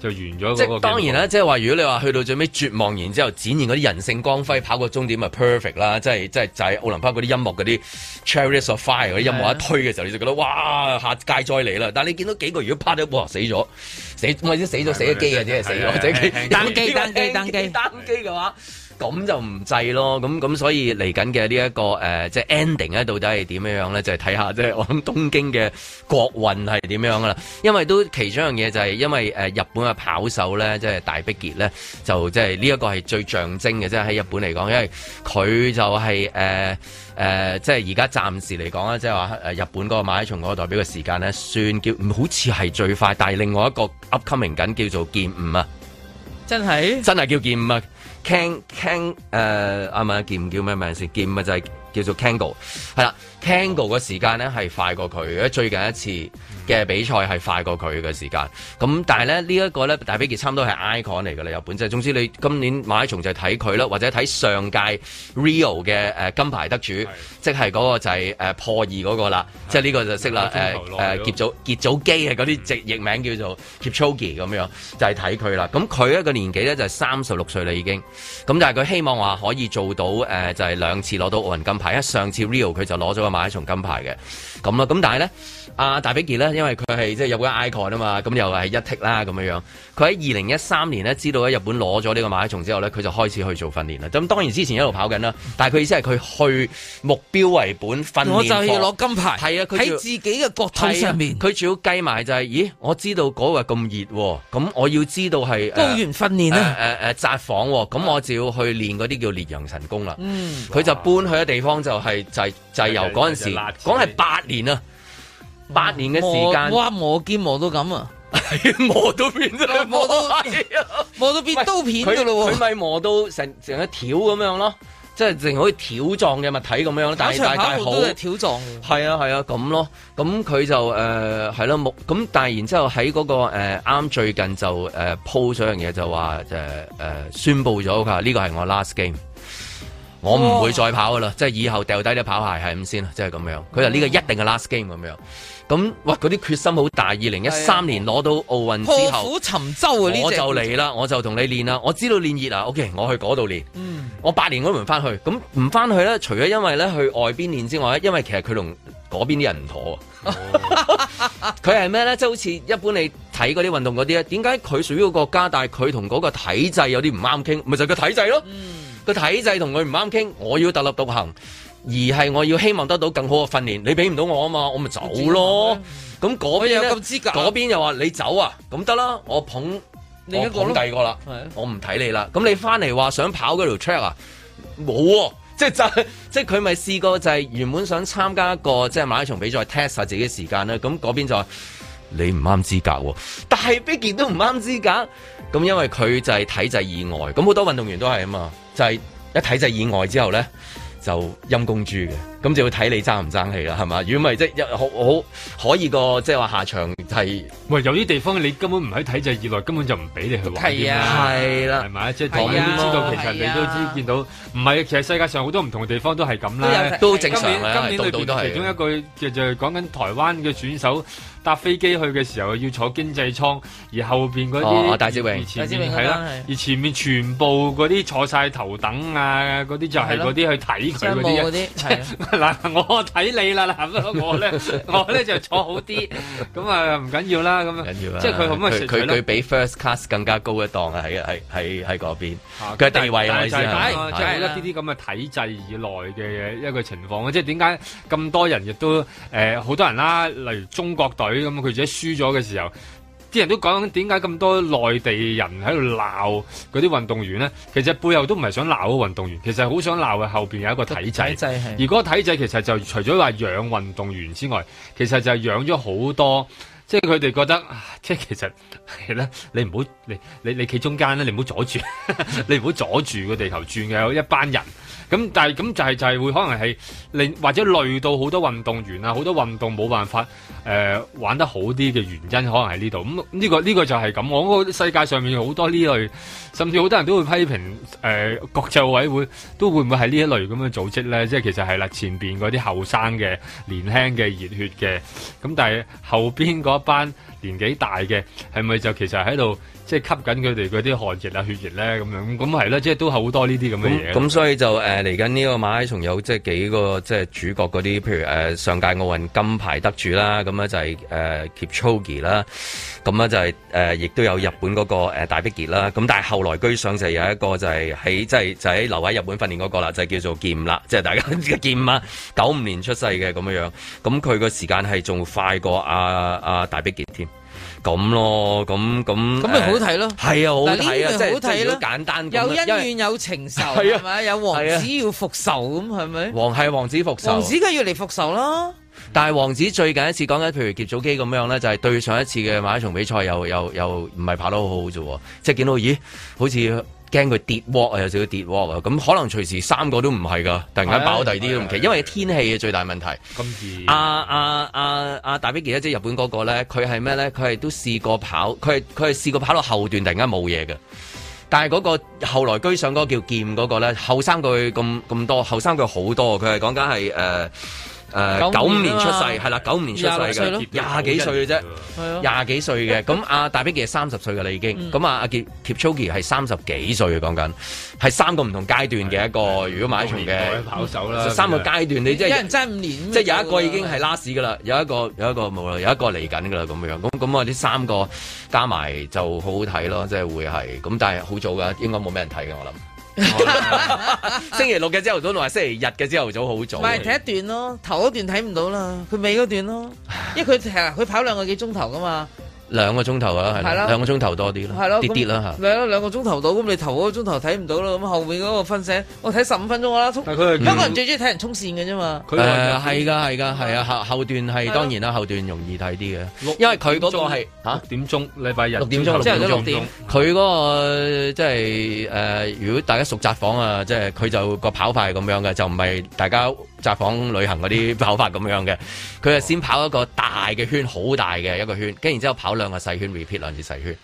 就完咗嗰個。當然啦，即係話如果你話去到最尾絕望，然之後展現嗰啲人性光輝，跑過終點咪 perfect 啦！即係即係就係奧林匹克啲音樂嗰啲。Chariots of Fire 嗰啲音樂一推嘅時候，你就覺得哇，下屆再嚟啦！但係你見到幾個月都趴喺度死咗，死我意思死咗死咗機啊，即係死咗死機，單機單機單機單機嘅話。咁就唔制咯，咁咁所以嚟緊嘅呢一個誒、呃，即係 ending 咧，到底係點樣樣咧？就係、是、睇下即啫，我諗東京嘅國運係點樣噶啦。因為都其中一樣嘢就係、是，因為誒、呃、日本嘅跑手咧，即係大迫傑咧，就即係呢一個係最象徵嘅，即係喺日本嚟講，因為佢就係誒誒，即係而家暫時嚟講咧，即係話日本嗰個馬拉松嗰個代表嘅時間咧，算叫好似係最快，但係另外一個 upcoming 緊叫做劍五啊，真係的，真係叫劍五啊！King 聽聽誒，阿媽劍叫咩名先？劍咪、呃啊、就係、是。叫做 Kango 係啦 Kango 嘅時間咧係快過佢，因為最近一次嘅比賽係快過佢嘅時間。咁、嗯、但係咧呢一、這個咧大比傑差唔多係 icon 嚟㗎啦，有本質。總之你今年馬拉松就係睇佢啦，或者睇上屆 Rio 嘅誒、呃、金牌得主，是即係嗰就係誒破二嗰個啦，即係呢個就識啦誒誒傑祖傑祖基啊，嗰啲直譯名叫做 Kipchoge 咁樣，就係睇佢啦。咁佢、嗯、一個年紀咧就係三十六歲啦已經咁但係佢希望話可以做到誒、呃、就係、是、兩次攞到奧運金牌。係啊！上次 Rio 佢就攞咗個馬拉松金牌嘅，咁咯。咁但係咧，阿大比杰咧，因為佢係即係有個 icon 啊嘛，咁又係一剔啦咁樣樣。佢喺二零一三年咧，知道喺日本攞咗呢個馬拉松之後咧，佢就開始去做訓練啦。咁當然之前一路跑緊啦，但係佢意思係佢去目標為本訓練。我就係要攞金牌。係啊，佢喺自己嘅國度上面，佢仲、啊、要計埋就係、是：咦，我知道嗰個咁熱，咁我要知道係高原訓練啦，誒誒紮房，咁我就要去練嗰啲叫烈陽神功啦。佢、嗯、就搬去嘅地方。就係就係就係由嗰陣時講係八年啊，八年嘅時間，哇磨尖磨到咁啊，磨到片啫，磨到磨到邊刀片噶啦，佢咪磨到成成一條咁樣咯，即係淨可以條狀嘅物體咁樣咯，但係大家好條狀，係啊係啊咁咯，咁佢就誒係咯咁，但係然之後喺嗰個誒啱最近就誒鋪咗樣嘢就話就誒宣布咗噶呢個係我 last game，我唔會再跑噶啦哇，即係以後掉低啲跑鞋係咁先啦，即係咁樣。佢就呢個一定嘅 last game 咁樣。咁哇，嗰啲決心好大。二零一三年攞到奧運之後，哎、破釜沉舟啊！呢隻我就嚟啦，我就同你練啦。我知道練熱啦，OK，我去嗰度練。嗯、我八年嗰唔翻去，咁唔翻去咧，除咗因為咧去外邊練之外，因為其實佢同嗰邊啲人唔妥。佢係咩咧？即係、哦、 好似一般你睇嗰啲運動嗰啲咧，點解佢屬於個國家，但係佢同嗰個體制有啲唔啱傾，咪就係、個體制咯。嗯個體制同佢唔啱傾，我要特立獨行，而係我要希望得到更好嘅訓練，你俾唔到我啊嘛，我咪走咯。咁嗰嘢嗰邊又話你走啊，咁得啦，我捧，你一個我捧第二個啦，啊、我唔睇你啦。咁你翻嚟話想跑嗰條 track 啊，冇、啊，即係就是，即係佢咪試過就係原本想參加一個即係馬拉松比賽 test 下自己嘅時間啦，咁嗰邊就話你唔啱資格，但係 b j 都唔啱資格。咁因為佢就係體制意外，咁好多運動員都係啊嘛。就係一睇就以外，之後呢就陰公豬。咁就要睇你爭唔爭氣啦，係嘛？如果唔係即係好好可以個即係話下場係，喂，有啲地方你根本唔喺體制以內，根本就唔俾你去。係啊，係啦，係咪？即係我哋都知道，其實你都知見到，唔係，其實世界上好多唔同嘅地方都係咁啦，都正常啦，度度都係。其中一個就就係講緊台灣嘅選手搭飛機去嘅時候，要坐經濟艙，而後邊嗰啲哦，戴資穎，係啦，而前面全部嗰啲坐晒頭等啊，嗰啲就係嗰啲去睇佢嗰啲，嗱， 我睇你 啦，嗱，我咧，我咧就坐好啲，咁啊唔緊要啦，咁啊，即係佢咁啊，佢佢比 first class 更加高一檔喺喺喺喺嗰邊，佢嘅、啊、地位啊，即係即係一啲啲咁嘅體制以內嘅一個情況對吧 即係點解咁多人亦都誒好、呃、多人啦、啊，例如中國隊咁，佢自己輸咗嘅時候。啲人都講點解咁多內地人喺度鬧嗰啲運動員呢？其實背後都唔係想鬧嗰運動員，其實好想鬧嘅後面有一個體制。如果體制而個體制其實就除咗話養運動員之外，其實就係養咗好多，即係佢哋覺得即係、啊、其，其實你唔好你你你企中間咧，你唔好阻住，嗯、 你唔好阻住個地球轉嘅有一班人。咁但係咁就係、是、就係、是、會可能係令或者累到好多運動員啊，好多運動冇辦法誒、呃、玩得好啲嘅原因，可能係呢度。咁、嗯、呢、這個呢、這個就係咁。我覺得世界上面好多呢類，甚至好多人都會批評誒國際奧委會都會唔會係呢一類咁嘅組織咧。即係其實係啦，前面嗰啲後生嘅年輕嘅熱血嘅，咁但係後邊嗰班。年紀大嘅係咪就其實喺度即係吸緊佢哋嗰啲汗液啊血液咧咁樣咁係啦，即係都係好多呢啲咁嘅嘢。咁所以就誒嚟緊呢個馬拉松有即係幾個即係主角嗰啲，譬如誒、呃、上屆奧運金牌得主啦，咁咧就係、是、誒、呃、Kipchoge 啦、就是，咁咧就係誒亦都有日本嗰個誒大迫傑啦。咁但係後來居上就有一個就係喺即係就喺、是、留喺日本訓練嗰個啦，就叫做劍啦，即係大家嘅劍啊，九五年出世嘅咁樣樣，咁佢個時間係仲快過阿阿大迫傑添。咁咯，咁咁咁咪好睇咯，係、嗯、啊，好睇啊，好啊即係簡單，有恩怨有情仇，係咪為、啊、有王子要復仇咁，係咪？王係王子復仇，王子梗係要嚟復仇啦。但係王子最近一次講緊，譬如杰祖基咁樣咧，就係、是、對上一次嘅馬拉松比賽，又又又唔係跑得好好啫，即係見到咦，好似。驚佢跌鑊啊，有少少跌鑊啊，咁可能隨時三個都唔係噶，突然間爆第啲都唔奇，因為天氣嘅最大問題。今次字、啊，啊啊啊啊大比奇即係日本嗰個咧，佢係咩咧？佢係都試過跑，佢係佢係試過跑到後段，突然間冇嘢嘅。但係嗰個後來居上嗰個叫劍嗰個咧，後生佢咁咁多，後生佢好多，佢係講緊係誒。呃誒九五年出世係啦，九五年出世嘅，廿幾歲嘅啫，廿幾歲嘅。咁阿大迫傑三十歲嘅啦已經，咁啊阿傑 Kipchoge 係三十幾歲啊，講緊係三個唔同階段嘅一個，如果馬拉松嘅跑手啦，三個階段你即係即係有一個已經係 last 啦，有一個有一個冇啦，有一個嚟緊㗎啦咁樣。咁咁呢三個加埋就好好睇咯，即係會係咁，但係好早㗎，應該冇咩人睇嘅我諗。 星期六嘅朝頭早同埋星期日嘅朝頭早好早，唔係睇一段咯，頭嗰段睇唔到啦，佢尾嗰段咯，因為佢係佢跑兩個幾鐘頭噶嘛。兩個鐘頭啊，係啦，兩個鐘頭多啲啦，跌跌啦嚇。兩兩個鐘頭到，咁你頭嗰個鐘頭睇唔到啦，咁後面嗰個分醒我睇十五分鐘啦，香港人最中意睇人衝線嘅啫嘛。誒，係噶，係噶，係啊，後後段係當然啦，後段容易睇啲嘅。因為佢嗰個係嚇，六點鐘禮拜日。六點六點即係佢嗰個即係誒，如果大家熟宅房啊，即係佢就個跑快咁樣嘅，就唔係大家。扎房旅行嗰啲跑法咁樣嘅，佢係先跑一個大嘅圈，好大嘅一個圈，跟然之後跑兩個細圈，repeat 兩次細圈。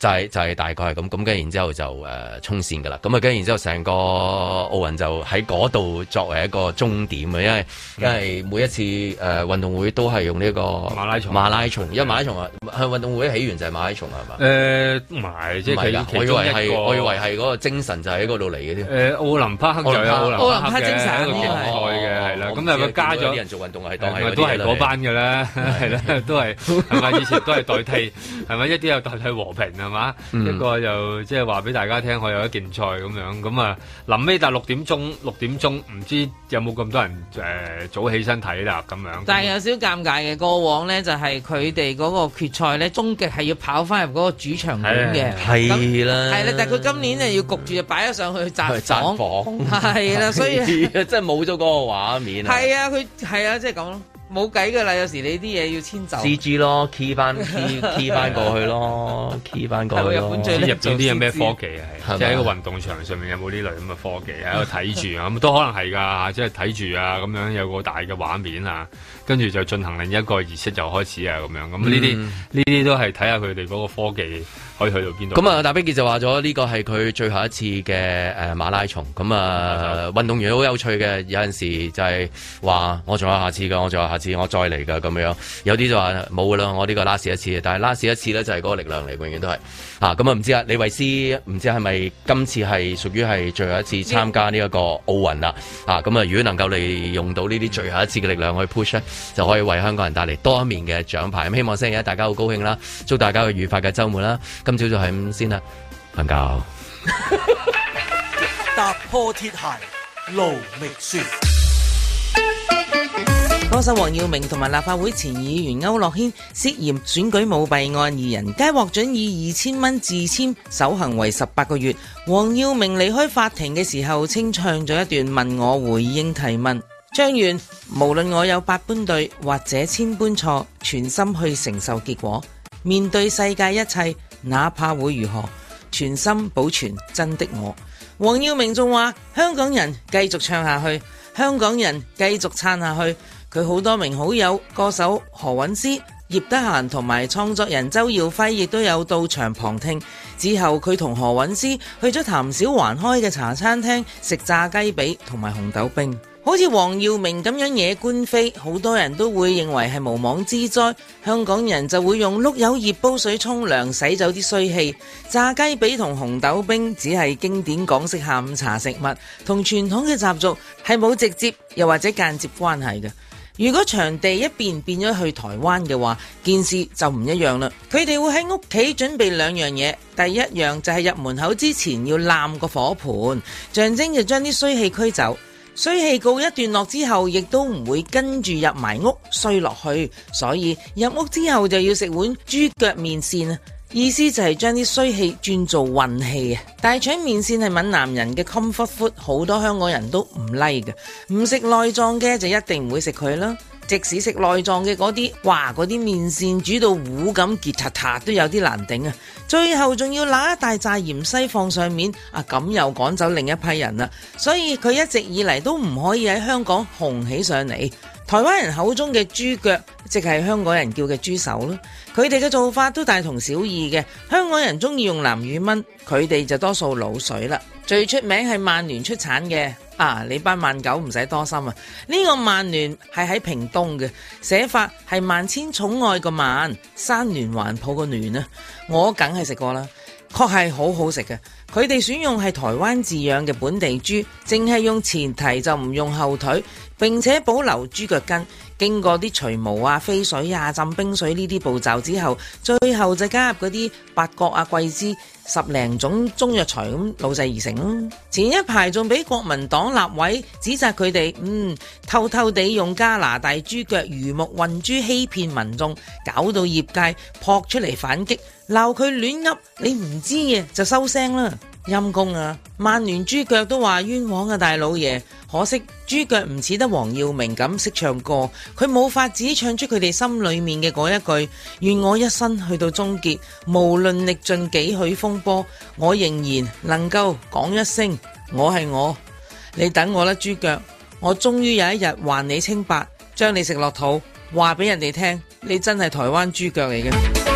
就係就係大概係咁，咁跟然之後就誒衝線㗎啦。咁啊，跟然之後成個奧運就喺嗰度作為一個終點嘅，因為因為每一次誒運動會都係用呢個馬拉松，馬拉松，因為馬拉松運運動會起源就係馬拉松係嘛？誒唔係，即係佢，我以為係，我以為係嗰個精神就喺嗰度嚟嘅啲。誒奧林匹克就係奧林匹克精神嘅比賽嘅，係啦。咁有冇加咗啲人做運動係當係都係嗰班㗎啦，係啦，都係係嘛？以前都係代替係嘛？一啲又代替和平啊！係嘛？一個又即係話俾大家聽，我有一件賽咁樣。咁啊，臨尾達六點鐘，六點鐘唔知有冇咁多人誒早起身睇啦咁樣。但係有少少尷尬嘅，過往咧就係佢哋嗰個決賽咧，終極係要跑翻入嗰個主場館嘅，係啦，係啦。但佢今年就要焗住，就擺咗上去札幌，係啦，所以真係冇咗嗰個畫面。係啊，佢係啊，即係咁囉。冇計噶啦，有時你啲嘢要遷走 CG，C G 咯，key 翻，key 翻過去咯，key 翻過去入咗啲嘢咩科技啊？吧即係喺個運動場上面有冇呢類咁嘅科技 個啊？喺度睇住啊，咁都可能係㗎，即係睇住啊，咁樣有個大嘅畫面啊，跟住就進行另一個儀式就開始啊，咁樣咁呢啲呢啲都係睇下佢哋嗰個科技。可以去到咁啊、嗯，大冰傑就話咗呢個係佢最後一次嘅誒馬拉松。咁、嗯、啊，運動員好有趣嘅，有陣時就係話我仲有下次㗎，我仲有下次我有有，我再嚟㗎咁樣。有啲就話冇㗎啦，我呢個 last 一次。但係 last 一次呢就係嗰個力量嚟，永遠都係咁啊，唔、嗯、知啊，李維斯唔知係咪今次係屬於係最後一次參加呢一個奧運啦？咁啊、嗯嗯嗯嗯嗯，如果能夠利用到呢啲最後一次嘅力量去 push 呢，就可以為香港人帶嚟多一面嘅獎牌。咁、嗯、希望星期一大家好高興啦，祝大家去愉快嘅周末啦。啊嗯今朝就係咁先啦，瞓覺。 踏破鐵鞋路未雪。歌手黃耀明同埋立法會前議員歐樂軒涉嫌選舉舞弊案，二人皆獲准以二千蚊自簽，守行為十八個月。黃耀明離開法庭嘅時候，清唱咗一段，問我回應提問。張遠，無論我有百般對或者千般錯，全心去承受結果，面對世界一切。哪怕會如何，全心保存真的我。黃耀明仲話：香港人繼續唱下去，香港人繼續撐下去。佢好多名好友歌手何韻詩、葉德嫻同埋創作人周耀輝亦都有到場旁聽。之後佢同何韻詩去咗譚小環開嘅茶餐廳食炸雞髀同埋紅豆冰。好似黃耀明咁樣惹官非，好多人都會認為係無妄之災。香港人就會用碌柚葉煲水沖涼，洗走啲衰氣。炸雞髀同紅豆冰只係經典港式下午茶食物，同傳統嘅習俗係冇直接又或者間接關係嘅。如果場地一變，變咗去台灣嘅話，件事就唔一樣啦。佢哋會喺屋企準備兩樣嘢，第一樣就係入門口之前要攬個火盆，象徵就將啲衰氣驅走。衰氣告一段落之後，亦都唔會跟住入住入埋屋衰落去，所以入屋之後就要食碗豬腳麵線，意思就係將啲衰氣轉做運氣啊！大腸麵線係閩南人嘅 comfort food，好多香港人都唔 like 嘅，唔食內臟嘅就一定唔會食佢啦。即使食內臟嘅嗰啲，哇，嗰啲麵線煮到糊咁結塔塔，都有啲難頂啊！最後仲要拿一大紮芫茜放上面，啊，咁又趕走另一批人啦！所以佢一直以嚟都唔可以喺香港紅起上嚟。台灣人口中嘅豬腳，即係香港人叫嘅豬手啦。佢哋嘅做法都大同小異嘅。香港人中意用南乳炆，佢哋就多數鹵水啦。最出名係萬巒出產嘅啊，你班曼狗唔使多心啊。呢、這個萬巒係喺屏東嘅寫法係萬千寵愛個萬，山巒環抱個巒啊。我梗係食過啦，確係好好食嘅。佢哋選用係台灣自養嘅本地豬，淨係用前蹄就唔用後腿。並且保留豬腳筋，經過啲除毛啊、飛水啊、浸冰水呢啲步驟之後，最後就加入嗰啲八角啊、桂枝十零種中藥材咁滷製而成。前一排仲俾國民黨立委指責佢哋，嗯，偷偷地用加拿大豬腳魚目混珠，欺騙民眾，搞到業界撲出嚟反擊，鬧佢亂噏，你唔知嘅就收聲啦。陰公啊！萬巒豬腳都話冤枉啊，大老爺！可惜豬腳唔似得黃耀明咁識唱歌，佢冇法子唱出佢哋心裏面嘅嗰一句：願我一生去到終結，無論歷盡幾許風波，我仍然能夠講一聲，我係我。你等我啦，豬腳，我終於有一日還你清白，將你食落肚，話俾人哋聽，你真係台灣豬腳嚟嘅。